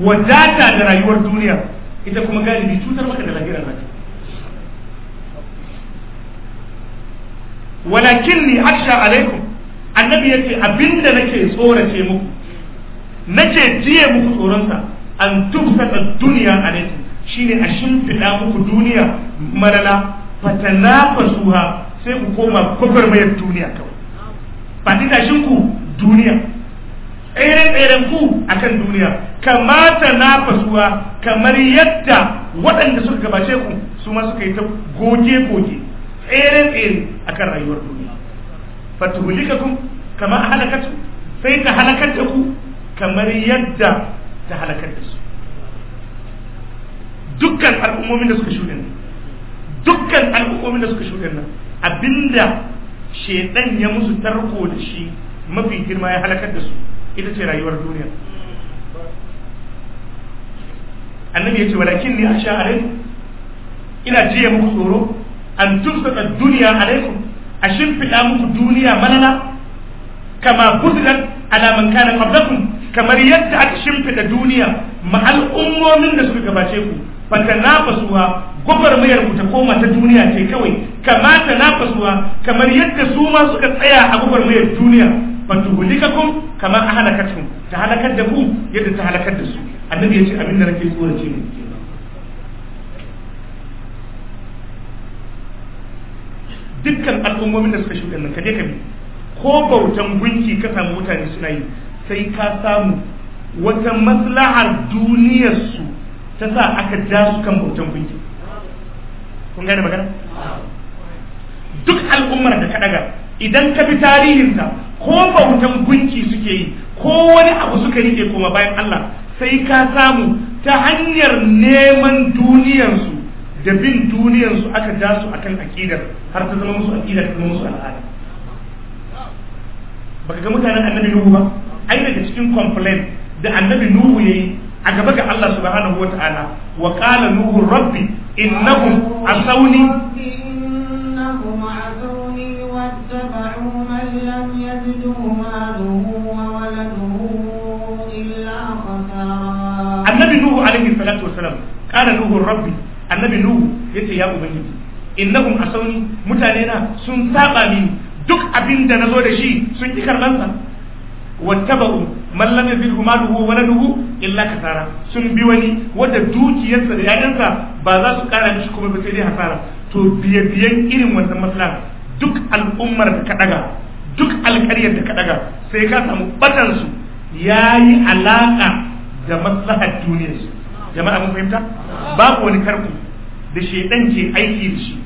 wadata da rayuwar duniya ita kuma galibi cutar maka da lahirar Walakin ni aksha alaikum annabi yace abinda nake tsorace muku nake jiye muku tsoronsa an tubsata duniya alaikum ne a shimfiɗa muku duniya marana zuwa sai ku koma gwagwarmayar duniya kawai faɗi tashin ku duniya tsere-tseren ku akan duniya kamata na zuwa kamar yadda waɗanda suka gabace ku su ma suka yi ta goge-goge tsere-tsere akan rayuwar duniya ku, kama halakatu sai ta halakar da ku kamar yadda ta halakar da su dukkan al'ummomin da suka shuɗe nan dukkan al'ummomin da suka shuɗe nan abinda shedan ya musu tarko da shi mafi girma ya halakar da su ita ce rayuwar duniya annabi ya ce walakin ni asha alaikum ina jiya muku tsoro an tufsata duniya alaikum a shimfiɗa muku duniya manana kama fusilat ala man kana qablakum kamar yadda aka shimfiɗa duniya ma al'ummomin da suka gabace ku fatanafasuwa gwagwarmayar ku ta koma ta duniya ce kawai kama tanafasuwa kamar yadda su ma suka tsaya a gwagwarmayar duniya fatuhulikakum kama ahalakatkum ta halakar da ku yadda ta halakar da su annabi ya ce abin da nake tsorace ne dukkan al'ummomin da suka shuɗe nan kaje ka bi ko bautan gunki ka samu mutane suna yi sai ka samu wata maslahar duniyarsu ta sa aka ja su kan bautan gunki kun gane magana duk al'ummar da ka daga idan ka bi tarihinta ko bautan gunki suke yi ko wani abu suka rike kuma bayan Allah sai ka samu ta hanyar neman duniyarsu da bin duniyarsu aka ja su akan aƙidar har ta zama musu aƙidar ta musu al'ada baka ga mutanen annabi nuhu ba ai daga cikin complaint da annabi nuhu yayi a gaba ga Allah subhanahu wata'ala wa qala nuhu rabbi innahum asawni innahum asawni wattaba'u man lam yajidu maluhu wa waladuhu illa khasara annabi nuhu alaihi salatu Salam qala nuhu rabbi annabi nuhu yace ya ubangiji innahum asawni mutane na sun saba min duk abin da nazo da shi sun ki karbansa wattaba'u man lam yazidhu maluhu wa waladuhu illa kasara sun bi wani wanda dukiyarsa da yayansa ba za su kara mishi kuma ba sai dai hasara to biye biyen irin wannan maslaha duk al'ummar da kaɗaga duk alƙaryar da kaɗaga sai ka samu batan su yayi alaƙa da maslahar duniyar su jama'a mun fahimta babu wani karku da shedan ke aiki da shi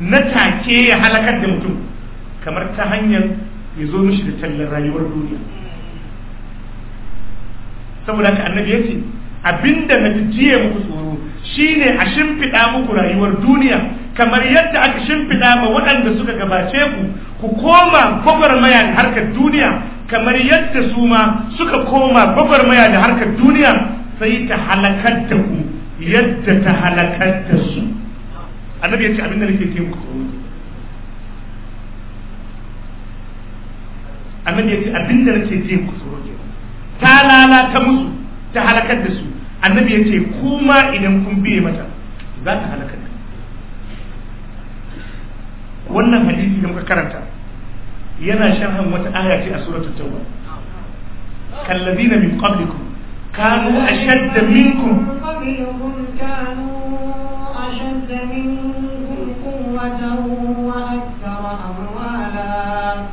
na take ya halakar da mutum kamar ta hanyar ya zo mishi da tallar rayuwar duniya saboda haka annabi yace abinda na jiye muku tsoro shine a shimfiɗa muku rayuwar duniya kamar yadda aka shimfiɗa ma waɗanda suka gabace ku ku koma gwagwarmaya da harkar duniya kamar yadda su ma suka koma gwagwarmaya da harkar duniya sai ta halakar da ku yadda ta halakar da su annabi ya ce abinda da nake ke muku tsoro annabi ya ce abin nake ke muku tsoro ta lalata musu ta halakar da su annabi ya ce kuma idan kun biye mata za ta halakar da wannan hadisi da muka karanta yana sharhan wata aya ce a suratul tauba kallazina min qablikum kanu ashadda minkum kanu ashadda minkum quwwatan wa amwala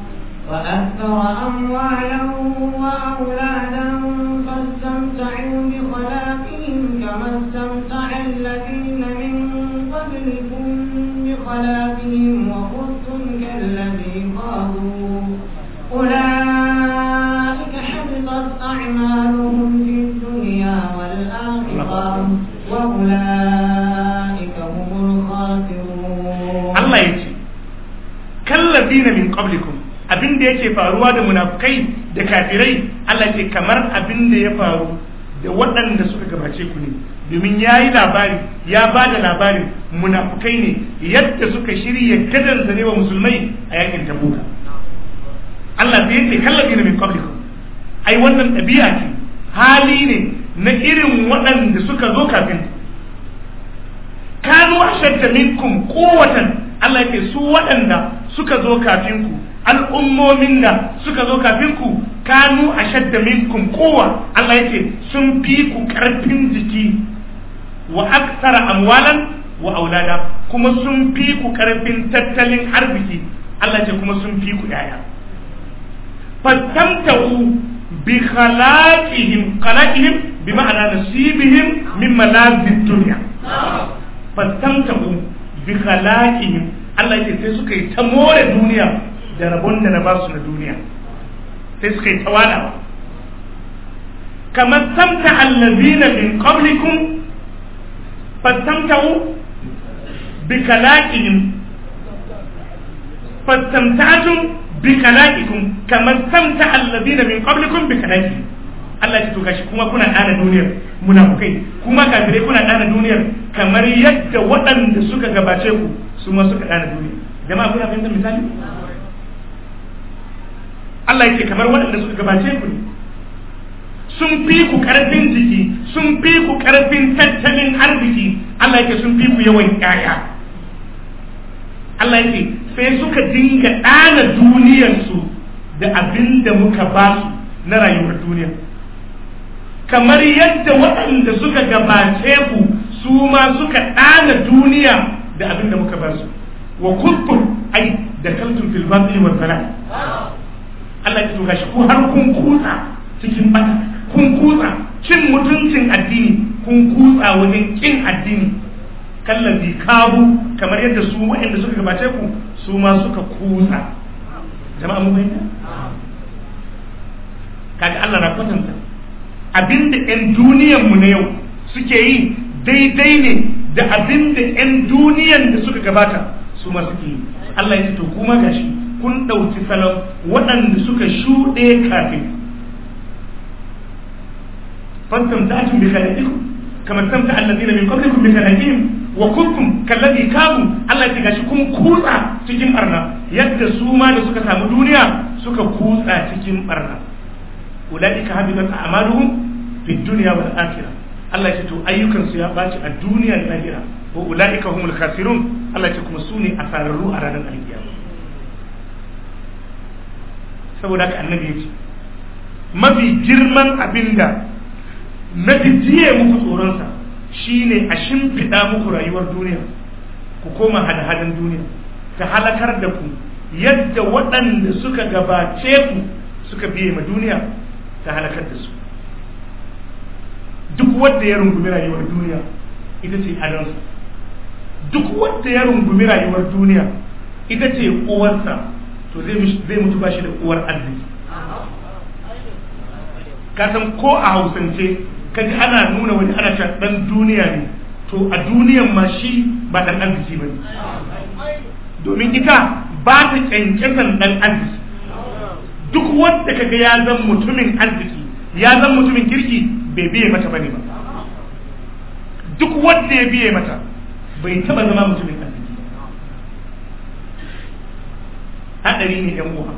wa amwalan wa ladina min qablikum abin da yake faruwa da munafukai da kafirai Allah ce kamar abin da ya faru da waɗanda suka gabace ku ne domin ya yi labari ya ba da labarin munafukai ne yadda suka shirya gadon zare wa musulmai a yakin tabuka Allah sai yake kallabi na min qablikum ai wannan ɗabi'a ce hali ne na irin waɗanda suka zo kafin kanu ashadda minkum quwwatan Allah ya su waɗanda suka zo kafinku al'ummomin da suka zo kafinku kanu a shadda minkum kowa Allah yake sun fi ku karfin jiki wa aksara amwalan wa aulada kuma sun fi ku karfin tattalin arziki Allah ce kuma sun fi ku yaya fastamtahu bi khalaqihim khalaqihim bi ma'ana nasibihim min malazid dunya fastamtahu bi khalaqihim Allah yake sai suka yi ta more duniya da rabon da na ba su na duniya sai suka yi ta wadawa kamar samta allazina min qablikum fastamta'u bi kalaqihim fastamta'tum bi kalaqikum kamar samta allazina min qablikum bi kalaqihim Allah ya tuka shi kuma kuna dana duniyar munafukai kuma kafirai kuna dana duniyar kamar yadda waɗanda suka gabace ku su ma suka ɗana duniya jama'a kuna fahimtar misali Allah yake kamar waɗanda suka gabace ku ne sun fi ku karfin jiki sun fi ku karfin tattalin arziki Allah yake sun fi ku yawan yaya Allah yake sai suka dinga ɗana duniyarsu da abin da muka ba su na rayuwar duniya kamar yadda waɗanda suka gabace ku su ma suka ɗana duniya da abin da muka bar su wa kuntum ai da kaltum fil batili wa zalal Allah ya tuka shi ko har kun kutsa cikin bata kun kutsa cin mutuncin addini kun kutsa wajen kin addini bi kabu kamar yadda su wa'anda suka gabace ku su ma suka kusa jama'a mun bayyana kaga Allah na kwatanta abinda 'yan mu na yau suke yi daidai ne da abin da 'yan duniyan da suka gabata su ma suke yi Allah ya ce to kuma gashi kun ɗauki salon waɗanda suka shuɗe kafin فاستمتعتم بخلاقكم كما استمتع الذين من قبلكم بخلاقهم وكنتم كالذي كانوا الله يتغاشي kun kutsa cikin barna yadda su ma da suka samu duniya suka kutsa cikin barna ulaika habitat a'maluhum fid dunya wal akhirah Allah ce to ayyukan su ya baci a duniya da lahira wa ulaika humul khasirun Allah ce kuma sune ne a ranar alkiyama saboda haka annabi ya ce mafi girman abinda na jiye muku tsoronsa shine a shimfiɗa muku rayuwar duniya ku koma hada duniya ta halakar da ku yadda waɗanda suka gabace ku suka biye ma duniya ta halakar da su duk wanda ya rungumi rayuwar duniya ita ce adansa duk wanda ya rungumi rayuwar duniya ita ce uwarsa to zai mutu ba shi da uwar arziki ka san ko a hausance kaji ana nuna wani ana ta dan duniya ne to a duniyan ma shi ba dan arziki ba ne domin ita ba ta kyankyasan dan arziki duk wanda kaga ya zan mutumin arziki ya zan mutumin kirki bai biye mata bane ba duk wanda ya biye mata bai taba zama mutumin arziki hadari ne yan uwa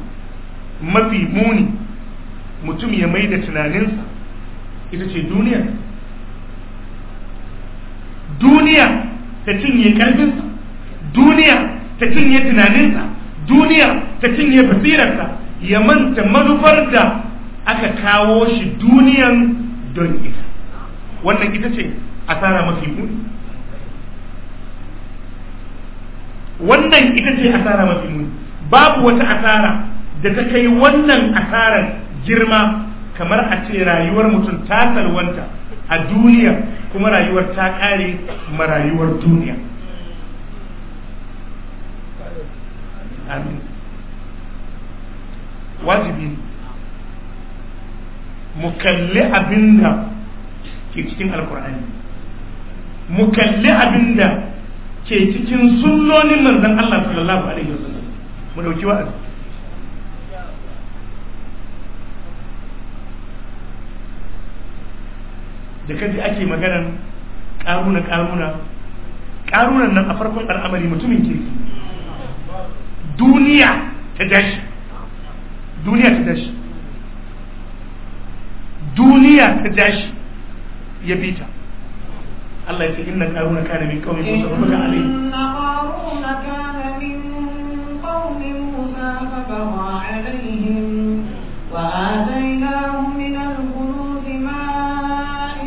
mafi muni mutum ya mai da tunaninsa ita ce duniya duniya ta cinye kalbinsa duniya ta cinye tunaninsa duniya ta cinye basirarsa ya manta manufar da aka kawo shi duniyan don ita wannan ita ce asara mafi muni wannan ita ce asara mafi muni babu wata asara da ta kai wannan asarar girma kamar a ce rayuwar mutum ta salwanta a duniya kuma rayuwar ta kare marayuwar duniya amin wajibi mu kalli abin da ke cikin alkur'ani mu kalli abin da ke cikin sunnonin manzon Allah sallallahu alaihi wasallam mu dauki wa'azi da kaji ake maganan karuna karuna karunan nan a farkon al'amari mutumin kirki duniya ta dashi duniya ta dashi duniya ta jashi ya bita Allah ya ce inna qaruna kana min qaumi Musa fa baka alayhi inna qaruna kana min qaumi Musa fa bawa alayhim wa atainahum min al-kunuz ma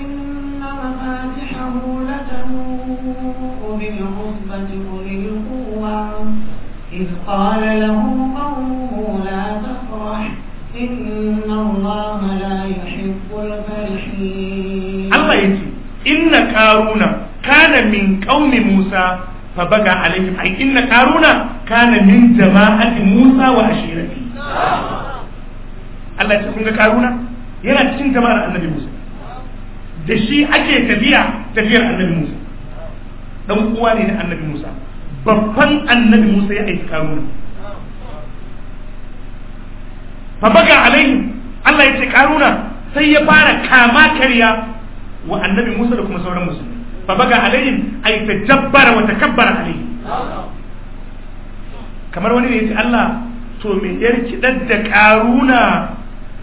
inna mafatihahu latanu bil usbati ulil quwwa إذ قال lahu قومه la tafrah inna allaha qaruna kana min qaumi musa fa baga alaihim ay inna qaruna kana min jama'ati musa wa Allah ya kun ga qaruna yana cikin jama'ar annabi musa da shi ake tafiya tafiyar annabi musa dan uwa ne annabi musa babban annabi musa ya aiki karuna fa baga Allah ya ce sai ya fara kama karya wa annabi Musa da kuma sauran musulmi fa baga alaihim ay tajabbara wa takabbara alaihim kamar wani ne ya ce Allah to me yar kidar da karuna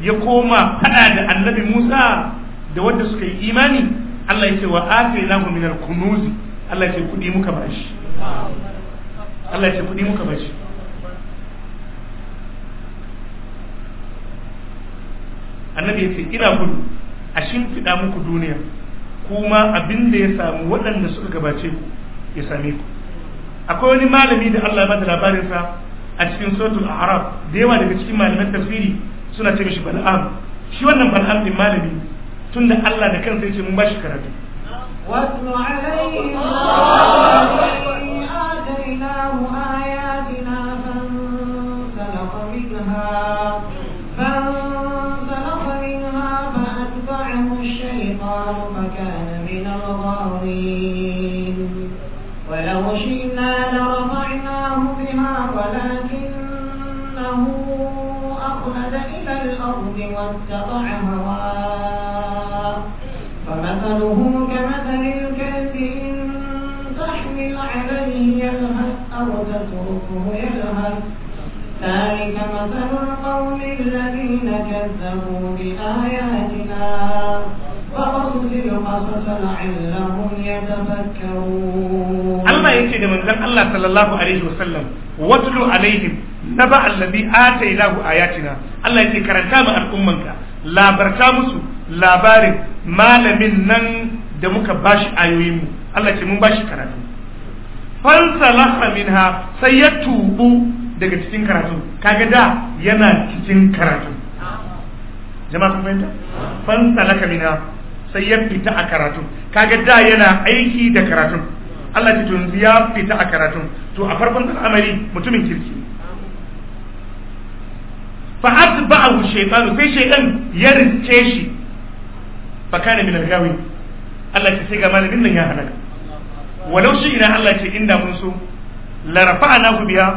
ya koma fada da annabi Musa da wanda suka yi imani Allah ya ce wa atainahu minal Allah ya muka bashi annabi ya ina gudu a shimfiɗa muku duniya kuma abin da ya samu waɗanda suka gabace ku ya same ku akwai wani malami da Allah da bada labarinsa a cikin suratul a'raf da yawa daga cikin malaman tafsiri suna ce mishi bal'am shi wannan bal'am din malami tunda Allah da kansa ya ce mun bashi karatu فأتبعه الشيطان فكان من الغاوين ولو شئنا لرفعناه بها ولكنه أخلد إلى الأرض واتبع هواه فمثله كمثل الكلب إن تحمل عليه يلهث أو تتركه يلهث ذلك مثل القوم الذين كذبوا بآياتنا allah لعلهم يتفكرون الله يجي Allah ذن الله صلى الله عليه وسلم واتلو عليهم نبأ الذي آتيناه آياتنا الله يجي كرتا ما الأمة لا برتا مسو لا بارك ما لمن da muka bashi ayoyinmu Allah ce mun bashi karatu fansalaha minha sai ya tubu daga cikin karatu kaga da yana cikin karatu jama'a kun Fansa fansalaka minha sai ya fita a karatun kaga da yana aiki da karatun Allah ce yanzu ya fita a karatun to a farkon al'amari mutumin kirki fa atba'ahu shaytanu sai shaytan ya rince shi fa kana min al-gawi Allah ce sai ga malamin nan ya halaka walau shi ina Allah ce inda mun so la rafa'nahu biya.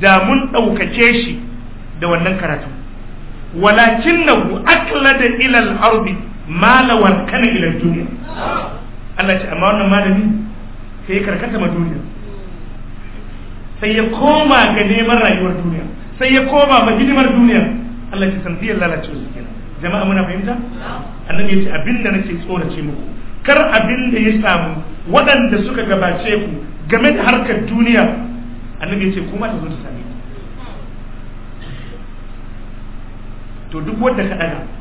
da mun daukace shi da wannan karatun walakinnahu aklada ila al-ardi malawar kana ilar duniya Allah ce amma wannan malami ka yi karkata ma duniya sai ya koma ga neman rayuwar duniya sai ya koma ma hidimar duniya Allah ce sanfiyar lalace su kenan jama'a muna fahimta annabi ya ce abin da nake tsorace muku kar abin da ya samu waɗanda suka gabace ku game da harkar duniya annabi ya ce kuma ta zo ta same to duk wanda ka ɗaga.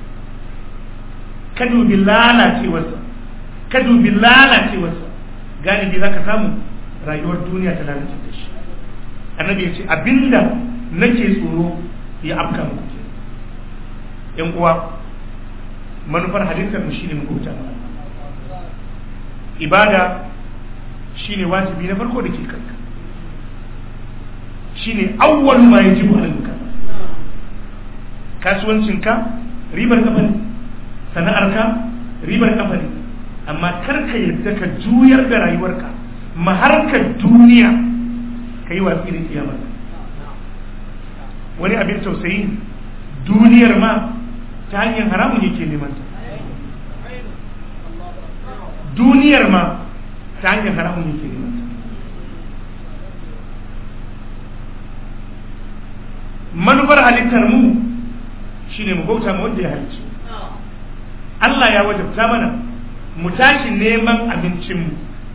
ka dubi lalacewarsa ka dubi lalacewarsa galibi za ka samu rayuwar duniya ta lalace da shi annabi ya ce abinda nake tsoro ya afka muku ke yan uwa manufar halittar mu shine muku ta ibada shine wajibi na farko da ke kanka shine awwal ma yajibu alanka kasuwancinka ribar ka bane sana'arka ribar kafa ne amma kar ka yadda ka juyar da rayuwarka maharkar duniya ka yi watsi da kiyama wani abin tausayi duniyar ma ta hanyar haramun yake neman ta duniyar ma ta hanyar haramun yake neman ta manufar halittar mu shine mu bauta ma wanda ya halicci Allah ya wajabta mana mu tashi neman abincinmu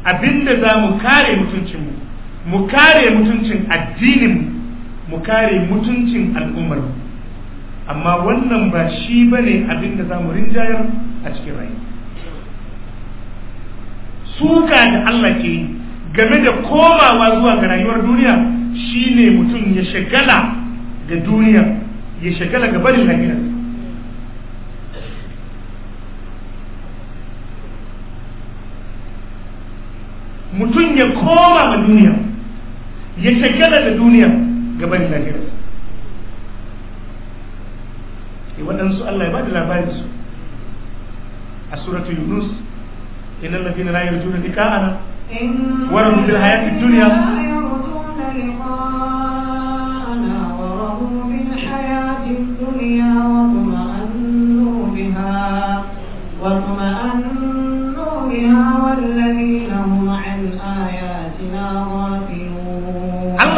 abinda za mu kare mutuncinmu mu kare mutuncin addininmu mu kare mutuncin al'ummarmu amma wannan ba shi ba ne abinda za mu rinjayar a cikin rai suka da Allah ke game da komawa zuwa ga rayuwar duniya shine mutum ya shagala ga duniya ya shagala ga barin lahirar mutum ya koma ma duniya ya shagala da duniya gaban lahira sai eh, waɗansu Allah ya ba da labarin su a suratul yunus innal ladina la yarjuna liqa'ana wa lahum fil hayatid duniya.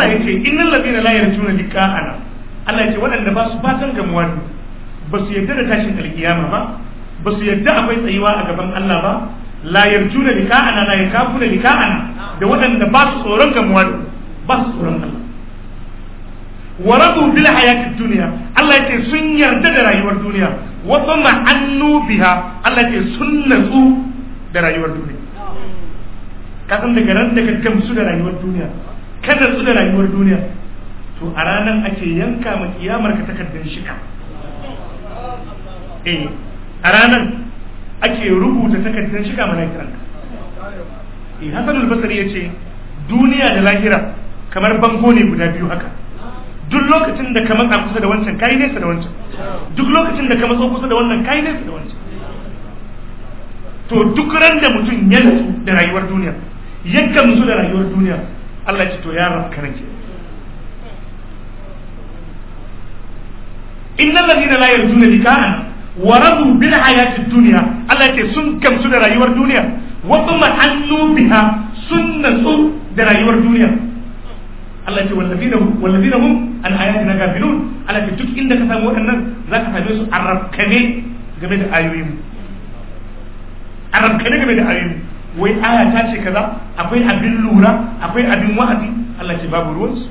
Allah ya ce innal ladina la yarjuna liqa'ana Allah ya ce waɗanda ba su fatan gamuwa ne ba su yadda da tashin alkiyama ba ba su yadda akwai tsayuwa a gaban Allah ba la yarjuna liqa'ana la yakafuna liqa'ana da waɗanda ba su tsoron gamuwa ne ba su tsoron Allah wa bil hayati dunya Allah ya ce sun yarda da rayuwar duniya wa tama annu biha Allah ya ce sun natsu da rayuwar duniya kasan daga ran da ka gamsu da rayuwar duniya kada su da rayuwar duniya to a ranar ake yanka ma kiyamar ka takardar shika eh a ranar ake rubuta takardar shika mana kiran eh hasan al-Basri yace duniya da lahira kamar bango ne guda biyu haka duk lokacin da ka matsa kusa da wancan kai nesa da wancan duk lokacin da ka matsa kusa da wannan kai nesa da wancan to duk ran da mutum ya nutsu da rayuwar duniya yakan gamsu da rayuwar duniya Allah ce to ya rafka nake innal ladina la yarjuna wa radu bil hayati dunya Allah ce sun gamsu da rayuwar duniya wa kuma annu biha sun natsu da rayuwar duniya Allah ce hum an Allah ce duk inda ka samu waɗannan zaka same su arabkane game da ayoyin game da ayoyin wai aya ta ce kaza akwai abin lura akwai abin wa'azi Allah ce babu ruwansu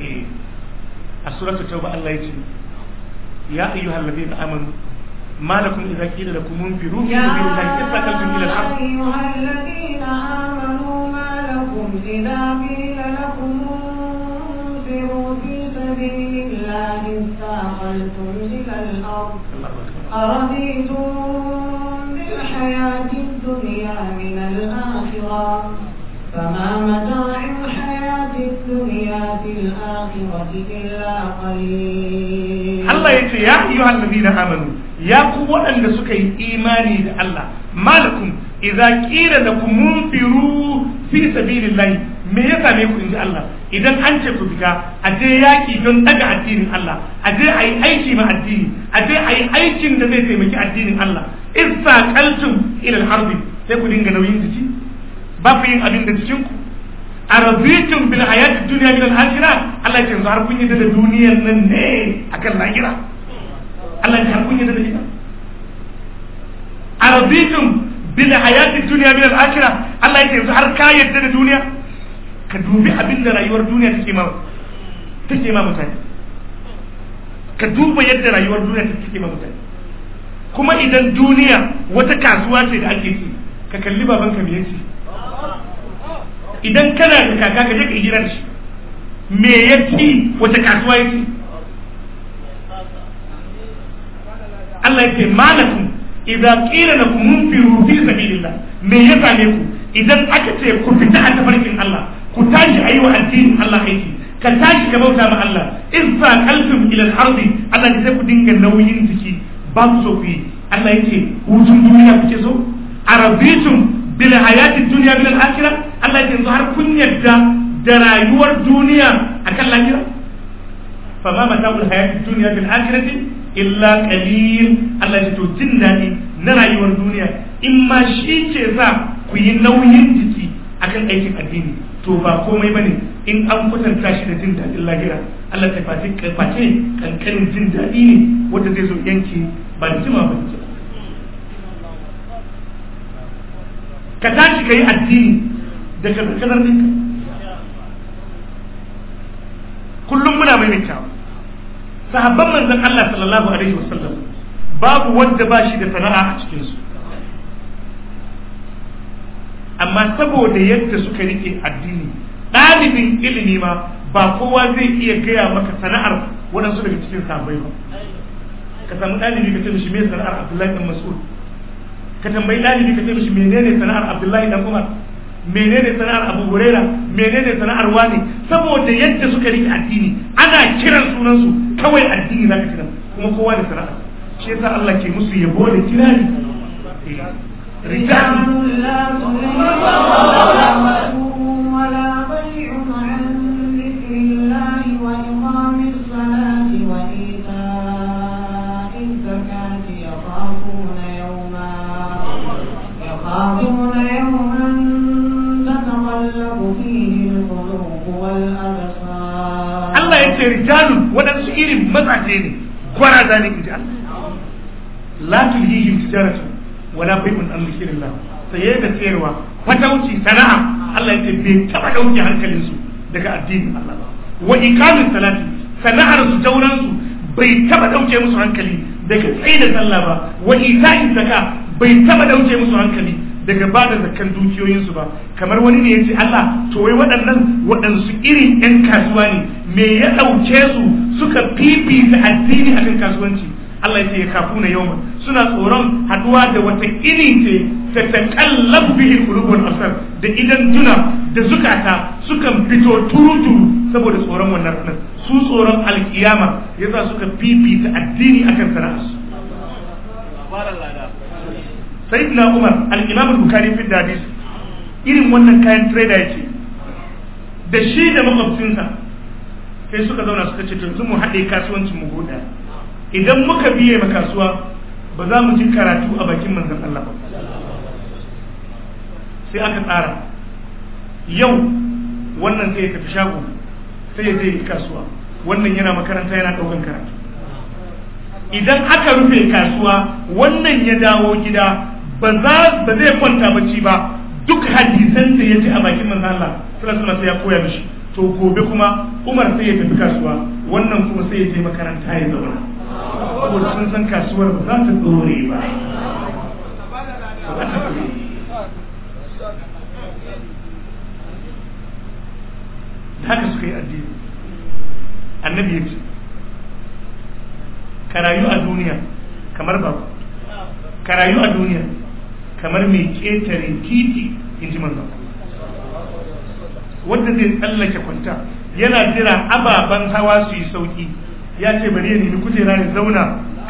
eh, a suratu tauba Allah ya ce ya ayyuhal ladina amanu ما لكم إذا قيل لكم انفروا في سبيل الله اثقلتم إلى الأرض يا أيها الذين آمنوا ما لكم إذا قيل لكم انفروا في سبيل Allah ya ce, Ya yi hallabi na amanu, ya ku waɗanda suka yi imani da Allah, malakun, iza ƙira da ku mun firu fi sabilillahi me ya same ku inji Allah idan an ce ku fita a je yaki don daga addinin Allah a je a yi aiki ma addini a je a yi aikin da zai taimaki addinin Allah isa kaltum ila harbi sai ku dinga nauyin jiki ba ku yin abin da jikin ku a razitum bil hayati duniya min al akhirah Allah ya yanzu har kun yi da duniyar nan ne akan lahira Allah ya har kun yi da ita a razitum bil hayati duniya min al akhirah Allah ya yanzu har ka yadda da duniya ka dubi abin da rayuwar duniya take ma take ma mutane ka duba yadda rayuwar duniya take ma mutane kuma idan duniya wata kasuwa ce da ake ci ka kalli babanka me ci. idan kana da kaka ka je ka hira shi me ci wata kasuwa ci. Allah yake malakum idza qila lakum munfiru fi sabilillah me ya same ku idan aka ce ku fita a tafarkin Allah ku tashi ayi wa addinin Allah aiki ka tashi ka bauta ma Allah izza qalbum ila al-ardi Allah ya ku dinga nauyin jiki ba ku so ku yi Allah yake hutun duniya kuke so arabitum bil hayati dunya bil akhirah Allah yake yanzu har kun yadda da rayuwar duniya akan lahira fama mata'ul hayati dunya bil akhirati illa qalil Allah ya to jin dadi na rayuwar duniya in ma shi ce za ku yi nauyin jiki akan aikin addini to ba komai bane in an kwatanta shi da jin daɗin lahira Allah ta face face kankanin jin daɗi ne wanda zai zo yanke ba da jima ba ka tashi ka yi addini da kazar ɗinka kullum muna mai kyawu sahabban manzon Allah sallallahu alaihi wasallam babu wanda ba shi da sana'a a cikinsu amma saboda yadda suka rike addini ɗalibin ilimi ma ba kowa zai iya gaya maka sana'ar waɗansu daga cikin sabai ba ka samu ɗalibi ka ce me sana'ar abdullahi dan mas'ud ka tambayi ɗalibi ka ce menene sana'ar abdullahi dan umar menene sana'ar abu huraira menene sana'ar wani saboda yadda suka rike addini ana kiran sunansu kawai addini zaka kira kuma kowa da sana'a shi yasa Allah ke musu yabo da kirani eh. rijalun waɗansu irin matsace gwara da ne in ji Allah la tulhihim tijaratu wala mun an zikirillah saye da sayarwa fatauci sana'a Allah ya ce bai taba ɗauke hankalinsu daga addinin Allah ba wa iqamis salati sana'ar su tauransu bai taba ɗauke musu hankali daga tsayi sallah ba wa ita'in zakka bai taba ɗauke musu hankali daga ba da zakkan dukiyoyinsu ba kamar wani ne ya ce Allah to wai waɗannan waɗansu irin 'yan kasuwa ne me ya ɗauke su suka fifita addini akan kasuwanci Allah ya ce ya kafu na yau suna tsoron haduwa da wata iri ce ta takallabu bihi kulubun asar da idan tuna da zukata sukan fito turutu saboda tsoron wannan ranar su tsoron alkiyama yasa suka fifita addini a kan sana'arsu na umar al-imam fi irin wannan kayan trader yake da shi da makwabcinsa sai suka zauna suka ce tuntun mu haɗe kasuwancin mu goda idan muka biye ma kasuwa ba za mu ji karatu a bakin manzan Allah ba sai aka tsara yau wannan sai ya tafi shago sai ya je kasuwa wannan yana makaranta yana ɗaukan karatu idan aka rufe kasuwa wannan ya dawo gida ba za ba zai kwanta bacci ba duk hadisan da ya ji a bakin manzan Allah sallallahu alaihi ya koya mishi to gobe kuma Umar sai ya tafi kasuwa wannan kuma sai ya je makaranta ya zauna saboda sun san kasuwar ba za ta dore ba haka suka yi addini annabi ya ce Karayu a duniya kamar ba ka rayu a duniya kamar mai ketare titi in ji manzan wanda zai tsallake kwanta yana jira ababen hawa su yi sauki ya ce bari ya nemi kujera ya zauna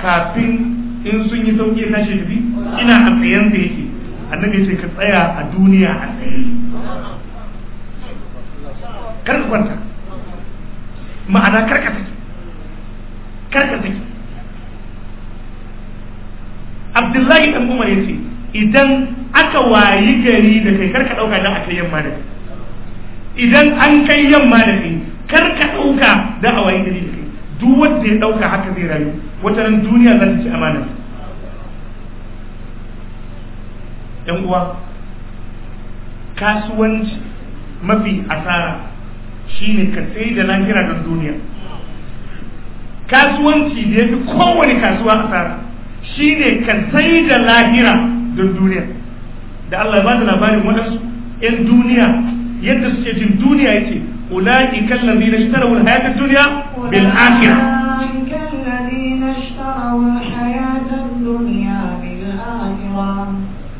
kafin in sun yi sauƙi ya tashi tafi ina a tsayen da yake annabi sai ce ka tsaya a duniya a tsaye kar ka kwanta ma'ana kar ka tafi kar ka tafi abdullahi dan umar ya ce idan aka wayi gari da kai kar ka ɗauka da aka yamma da idan an kai yamma da kai ka ɗauka da a wayi gari da duk wanda ya ɗauka haka zai rayu wata nan duniya za ta ci amana yan uwa kasuwanci mafi asara shine ka sai da lahira don duniya kasuwanci da ya fi kowane kasuwa asara shine ka sai da lahira don duniya da Allah ba da labarin waɗansu 'yan duniya yadda suke jin duniya yake ula'i kallabi na shi tarawar hayatar duniya بالآخرة كالذين اشتروا الحياة الدنيا بالآخرة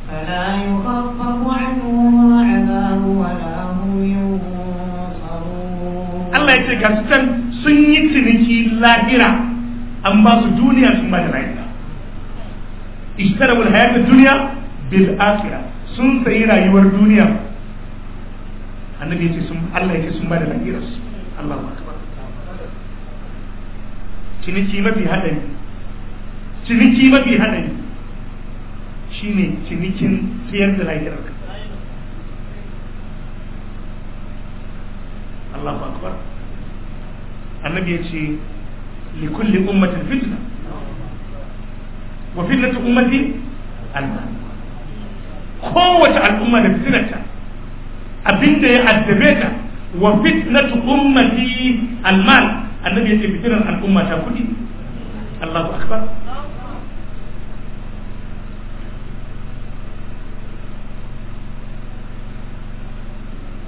فلا يخفف عنهم العذاب ولا هم ينصرون الله يتكسر سنة نكي لاهرة أما الدنيا ثم العذاب اشتروا الحياة الدنيا بالآخرة sun sayi rayuwar duniya annabi ya ce sun Allah ya ce sun ba da lahirarsu Allah akbar ciniki mafi haɗari ciniki mafi haɗari shine cinikin siyar da lahirarka Allahu akbar annabi ya ce likulli ummatin fitna wa fitnatu ummati almal kowace al'umma da fitnata abinda ya addabe ta wa fitnatu ummati almal annabi ya ce fitiran al'umma ta kuɗi Allahu akbar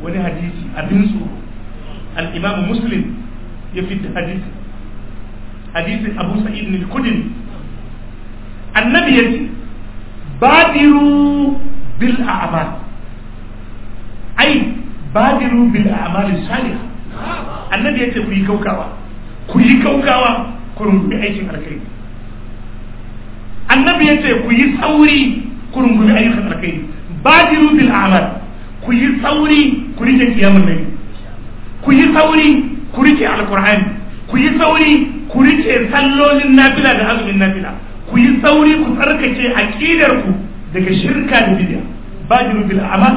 wani hadisi abin tsoro al'imamu muslim ya fita hadisi hadisin abu sa'id ne kudin annabi ya ce badiru bil a'amal ai badiru bil a'amal salihah annabi yace ku yi kaukawa ku yi kaukawa ku bi aikin alkhairi annabi yace ku yi sauri ku bi ayyukan alkhairi badiru bil a'mal ku yi sauri ku rike kiyamul layl ku yi sauri ku rike alqur'ani ku yi sauri ku rike sallolin nafila da azumin nafila ku yi sauri ku tsarkake aqidar ku daga shirka da bid'a badiru bil a'mal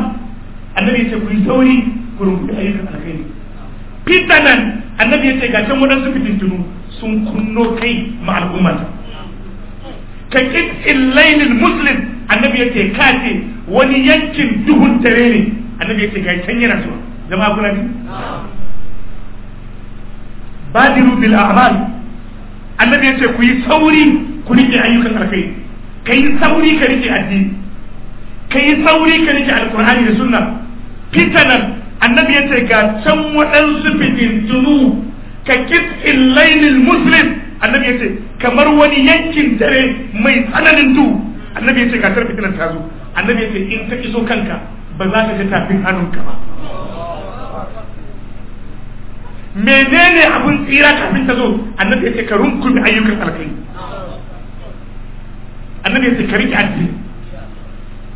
annabi yace ku yi sauri ku rungumi ayyukan alkhairi fitanan annabi ya ce ga can waɗansu fitintunu sun kunno kai ma al'ummata ka kitsin lailin muslim annabi ya ce ka ce wani yankin duhun tare ne annabi ya ce ga can yana zuwa zama kuna ji badiru bil a'mal annabi ya ce ku yi sauri ku rike ayyukan alkhairi ka yi sauri ka rike addini ka yi sauri ka rike alkur'ani da sunna fitanan annabi ya ce ga can waɗansu tunu ka kit'in lailil muslim annabi ya ce kamar wani yankin dare mai tsananin duhu annabi ya ce ga tar fitinar ta zo annabi ya ce in ta iso kanka ba za ka ga tafin hannunka ba menene abun tsira kafin ta zo annabi ya ce ka runkume ayyukan alkai annabi ya ce ka riƙe addini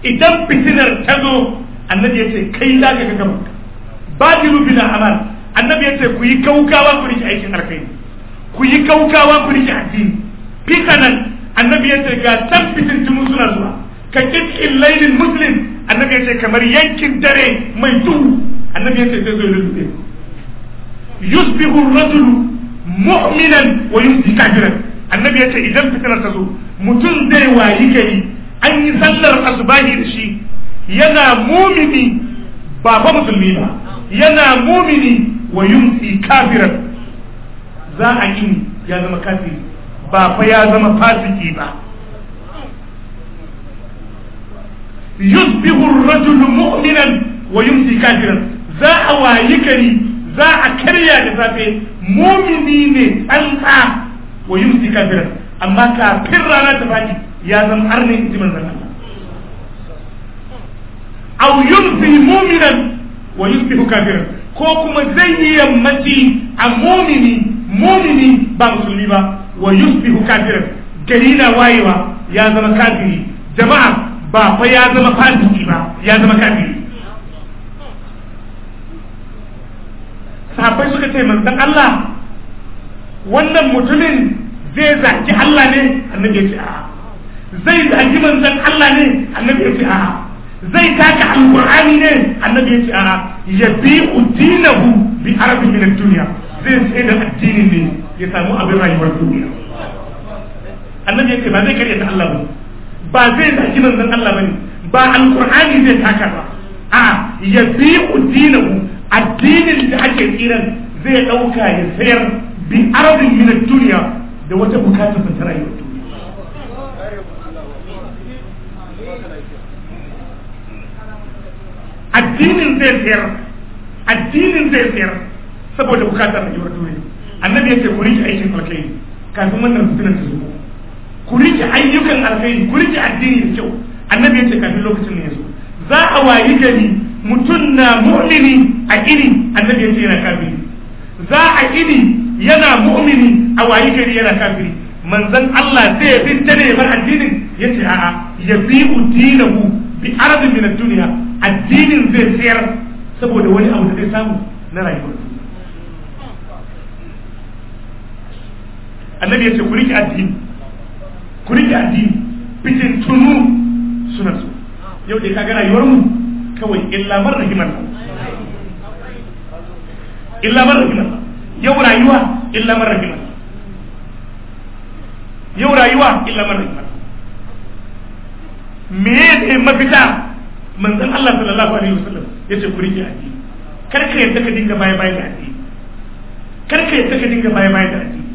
idan fitinar ta zo annabi ya ce kai za ka ga gabanka badilu bila amal annabi yace ku yi kaukawa ku rike aikin alkhairi ku yi kaukawa ku rike addini fitanan annabi yace ga tabbitin tumu suna zuwa ka kitkin lailin muslim annabi yace kamar yankin dare mai duhu annabi yace sai zai rubuce yusbihu ar-rajulu mu'minan wa yumsi kafiran annabi yace idan fitinar ta zo mutum zai wayi gari an yi sallar asubahi da shi yana mumini ba fa musulmi ba yana mumini wa yumsi kafiran za a yi ya zama kafiri ba fa ya zama fasiki ba yusbihu ar-rajulu mu'minan wa yumsi kafiran za a wayi gari za a karya da safe mumini ne tsantsa wa yumsi kafiran amma kafin rana ta fadi ya zama arnin inji manzon Allah aw yumsi mu'minan wa yusbihu kafira ko kuma zai yi yammaci a mumini mumini ba musulmi ba wa yusbihu kafira gari na wayewa ya zama kafiri jama'a ba fa ya zama fasiki ba ya zama kafiri sahabbai suka ce manzon Allah wannan mutumin zai zaki Allah ne annabi ya ce a'a zai zaki manzon Allah ne annabi ya ce a'a zai taka alqur'ani ne annabi ya ce a'a yabi'u dinahu bi arabin min duniya zai sai da addinin ne ya samu abin rayuwar duniya annabi ya ce ba zai karya ta Allah ba ba zai zaki manzon Allah bane ba alqur'ani zai taka ba a'a yabi'u dinahu addinin da ake tsiran zai dauka ya sayar bi arabin min duniya da wata bukatar ta rayuwa addinin zai tsayar addinin zai tsayar saboda bukatar da yawar duniya annabi ya ce ku rike aikin alkhairi kafin wannan fitinar ta zo ku rike ayyukan alkhairi ku rike addini da kyau annabi ya ce kafin lokacin ne ya zo za a wayi gari mutum na mu'mini a ini annabi ya ce yana kafiri za a ini yana mu'mini a wayi gari yana kafiri manzon Allah zai fitta ne ba addinin ya ce a'a ya bi udinahu bi ardi min ad-dunya addinin zai sayar saboda wani abu da zai samu na rayuwar annabi ya ce ku rike addini ku rike addini bikin tunu suna so yau da kaga rayuwar mu kawai illa mar rahimar illa mar rahimar yau rayuwa illa mar rahimar yau rayuwa illa mar rahimar me ne mafita manzon Allah sallallahu alaihi wasallam yace kuri rike addini kar ka yadda ka dinga baya baya da addini kar ka yadda ka dinga baya baya da addini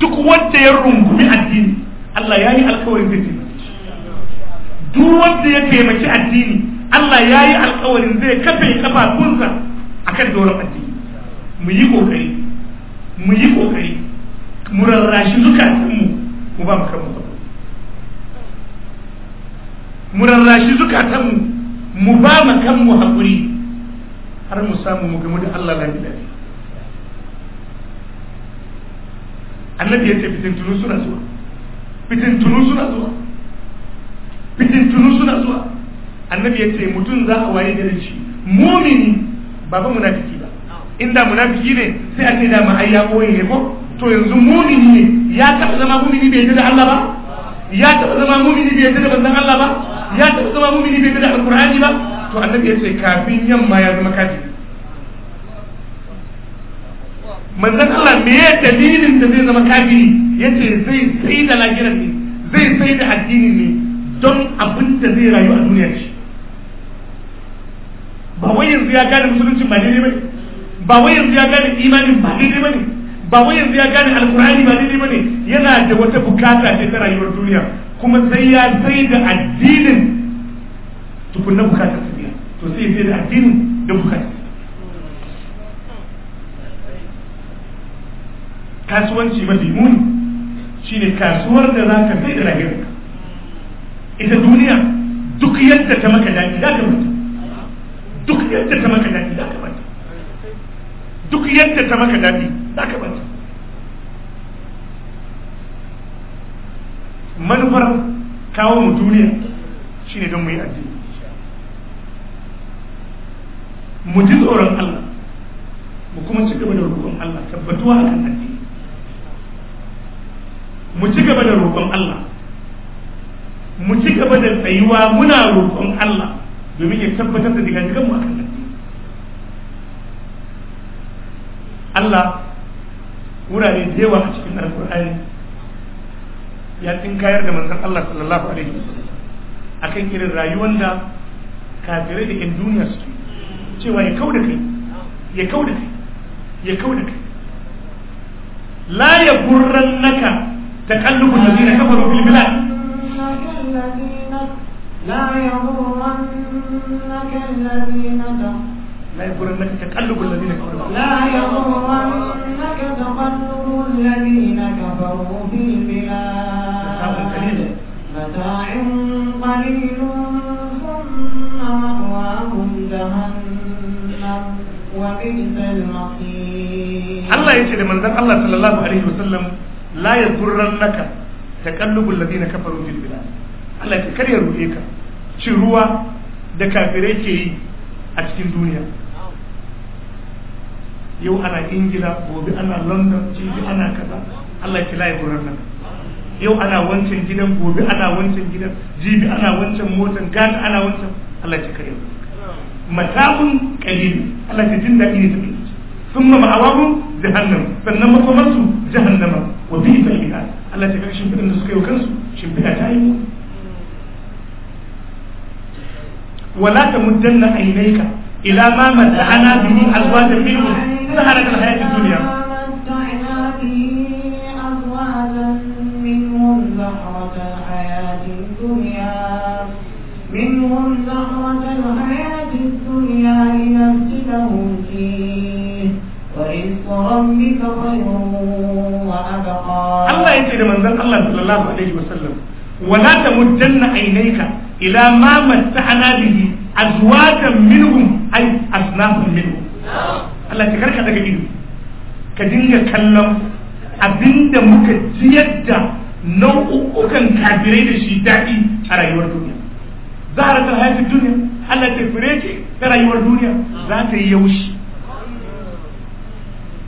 duk wanda ya rungumi addini Allah ya yi alƙawarin zai taimake duk wanda ya taimaki addini Allah ya yi alƙawarin zai kafe kafafunsa akan doron addini mu yi kokari mu yi kokari mu rarrashi zukatunmu mu ba mu kan mu mu rarrashi zukatanmu mu ba mu kanmu haƙuri har mu samu mu gamu da Allah lafi lafi annabi ya ce fitintunu suna zuwa fitintunu suna zuwa fitintunu suna zuwa annabi ya ce mutum za a waye garin shi mumini ba ba munafiki ba inda munafiki ne sai a ce da ma ayya koyi ne ko to yanzu mumini ne ya taɓa zama mumini bai yi da Allah ba ya taɓa zama mumini bai yi da Allah ba ya taɓa zama mumini bai da alkur'ani ba to annabi ya ce kafin yamma ya zama kaji. manzan Allah me ya dalilin da zai zama kafiri ce zai sai da lahirar ne zai sai da addini ne don abin da zai rayu a duniya shi ba wai yanzu ya gane musulunci ba daidai ne ba wai yanzu ya gane imanin ba daidai ne ba wai yanzu ya gane alkur'ani ba daidai ne yana da wata bukata ce ta rayuwar duniya kuma sai ya sai da addinin na bukatar su biya to sai sai da addinin da bukatar kasuwanci mafi muni shine kasuwar da za ka sai da lahirarka ita duniya duk yadda ta maka daɗi za ka mata duk yadda ta maka daɗi za ka mata duk yadda ta maka daɗi za ka mata manufar kawo mu duniya shine don mu yi addini mu ji tsoron Allah mu kuma ci gaba da roƙon Allah tabbatuwa kan addini mu ci gaba da roƙon Allah mu ci gaba da tsayuwa muna roƙon Allah domin ya tabbatar da diga mu kan addini Allah wurare da yawa a cikin alkur'ani ya tinkayar da manzon Allah sallallahu alaihi wasallam akan irin rayuwar da kafirai da yan duniya suke cewa ya kauda kai ya kauda kai ya kauda kai la ya burrannaka taqallubul ladina kafaru fil bilad لا يغرنك الذين كفروا لا يغرنك تقلب الذين كفروا لا يغرنك تقلب الذين كفروا في البلاد متاع قليل ثم مأواهم جهنم وبئس المصير الله يجعل من ذن الله صلى الله عليه وسلم لا يغرنك تقلب الذين كفروا في البلاد Allah ya kar ya ruɗe ka ci ruwa da kafirai ke yi a cikin duniya yau ana ingila gobe ana london cibi ana kaza allah ki layi gurar nan yau ana wancan gidan gobe ana wancan gidan jibi ana wancan motan gata ana wancan allah ki kare mata'un qalil allah ki jin daɗi ne tafi thumma ma'awahum jahannam sannan makomansu jahannama wa bi'sa al-mi'ad allah ta karshen fitan da suka yi kansu shimfiɗa ta yi wala tamuddanna aynayka إلى ما مدحنا به أزواجا منه سهرة الحياة الدنيا منهم زهرة الحياة الدنيا لنفتنهم فيه ورزق ربك خير وأبقى الله يجري من ذلك الله صلى الله عليه وسلم ولا تمدن عينيك إلى ما متعنا به azwajan minhum ay asnafun minhum Allah ka karka daga ido ka dinga kallon abinda muka ciyar da nau'ukan kafirai da shi daɗi a rayuwar duniya za a rasa duniya Allah ta fure ki ta rayuwar duniya za ta yi yaushi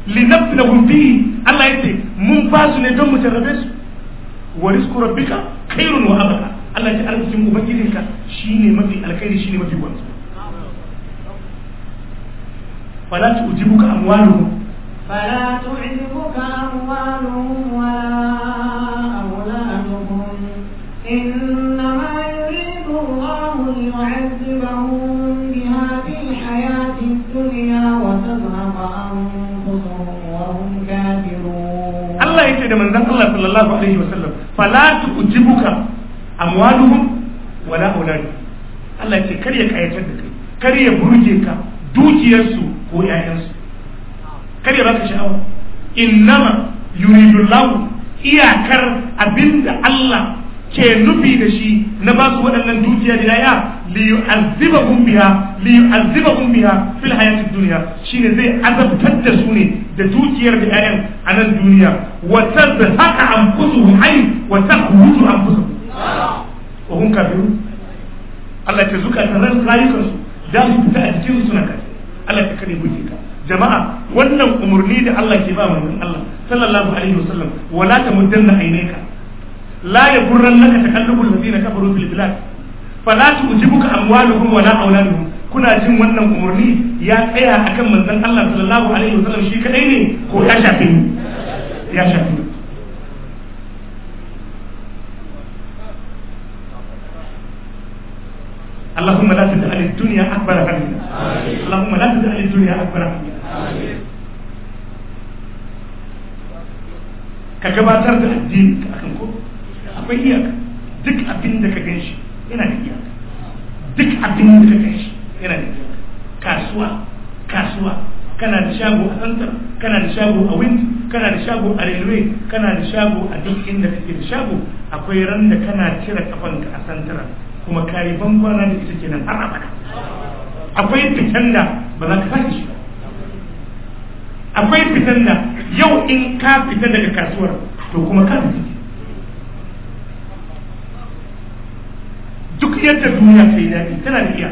linafsi na gumbi Allah ya mun ba su ne don mu jarrabe su wa rizku rabbika khairun wa abaka Allah arzikin ubangijinka shine mafi alkhairi shine mafi wanzu fala فلا تعجبك أموالهم ولا أولادهم إنما يريد الله ليعذبهم بها الحياة الدنيا وتزهق أنفسهم وهم كافرون الله من صلى الله عليه وسلم فلا amwaluhum wala auladu Allah ce kar ya kayatar da kai kar ya burge ka dukiyarsu ko ƴaƴansu kar ya baka sha'awa innama yuridullahu iyakar abinda Allah ke nufi da shi na ba su waɗannan dukiya da yaya li yu'azzibahum biha li yu'azzibahum biha fil hayati dunya shine zai azabtar da su ne da dukiyar da yayan a nan duniya wa tazhaqa anfusuhum ay wa takhruju anfusuhum wa hum kafirun Allah ta zukatan ran rayukansu da su fita a cikin suna kafi Allah ta kare muke ka jama'a wannan umarni da Allah ke ba manzon Allah sallallahu alaihi wasallam wala ta tamuddanna aynaka la ya naka yagurrannaka taqallubul ladina kafaru fil bilad fala tujibuka amwaluhum wala auladuhum kuna jin wannan umarni ya tsaya akan manzon Allah sallallahu alaihi wasallam shi kadai ne ko ya shafi ya shafi اللهم لا تجعل الدنيا أكبر همنا اللهم لا تجعل الدنيا أكبر همنا ka gabatar da addini ka akan ko akwai iyaka duk abin da ka ganshi yana da iyaka duk abin da ka ganshi yana da iyaka kasuwa kasuwa kana da shago a santar kana da shago a wind kana da shago a railway kana da shago a duk inda kake da shago akwai ran da kana cire kafanka a santarar kuma kayi bambana da ita kenan har abada akwai fitan da ba za ka sake shi akwai fitan da yau in ka fita daga kasuwar to kuma ka fita duk yadda duniya ta yi daɗi tana da iya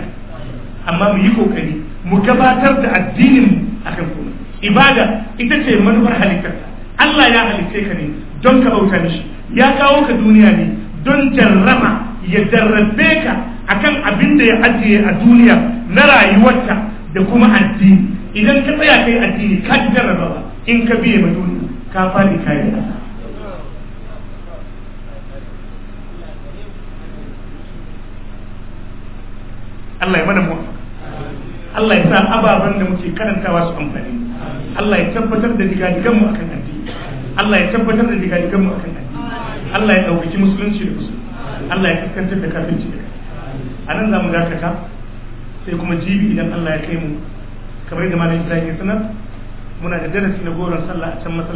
amma mu yi kokari mu gabatar da addinin a kan kuma ibada ita ce manufar halittarta Allah ya halitte ka ne don ka bauta mishi ya kawo ka duniya ne don jarraba ya jarrabe ka a kan abin da ya ajiye a duniya na rayuwarta da kuma addini idan ka tsaya kai addini ka ci jarrabawa in ka biye ma duniya ka fadi ka yi Allah ya mana mu Allah ya sa ababen da muke karantawa su amfani Allah ya tabbatar da digadiganmu akan addini Allah ya tabbatar da digadiganmu akan addini Allah ya ɗaukaki musulunci da musulunci Allah ya kaskantar da kafirci da a nan za mu dakata sai kuma jibi idan Allah ya kai mu kamar yadda malam Ibrahim ya sanar muna da darasi na goron sallah a can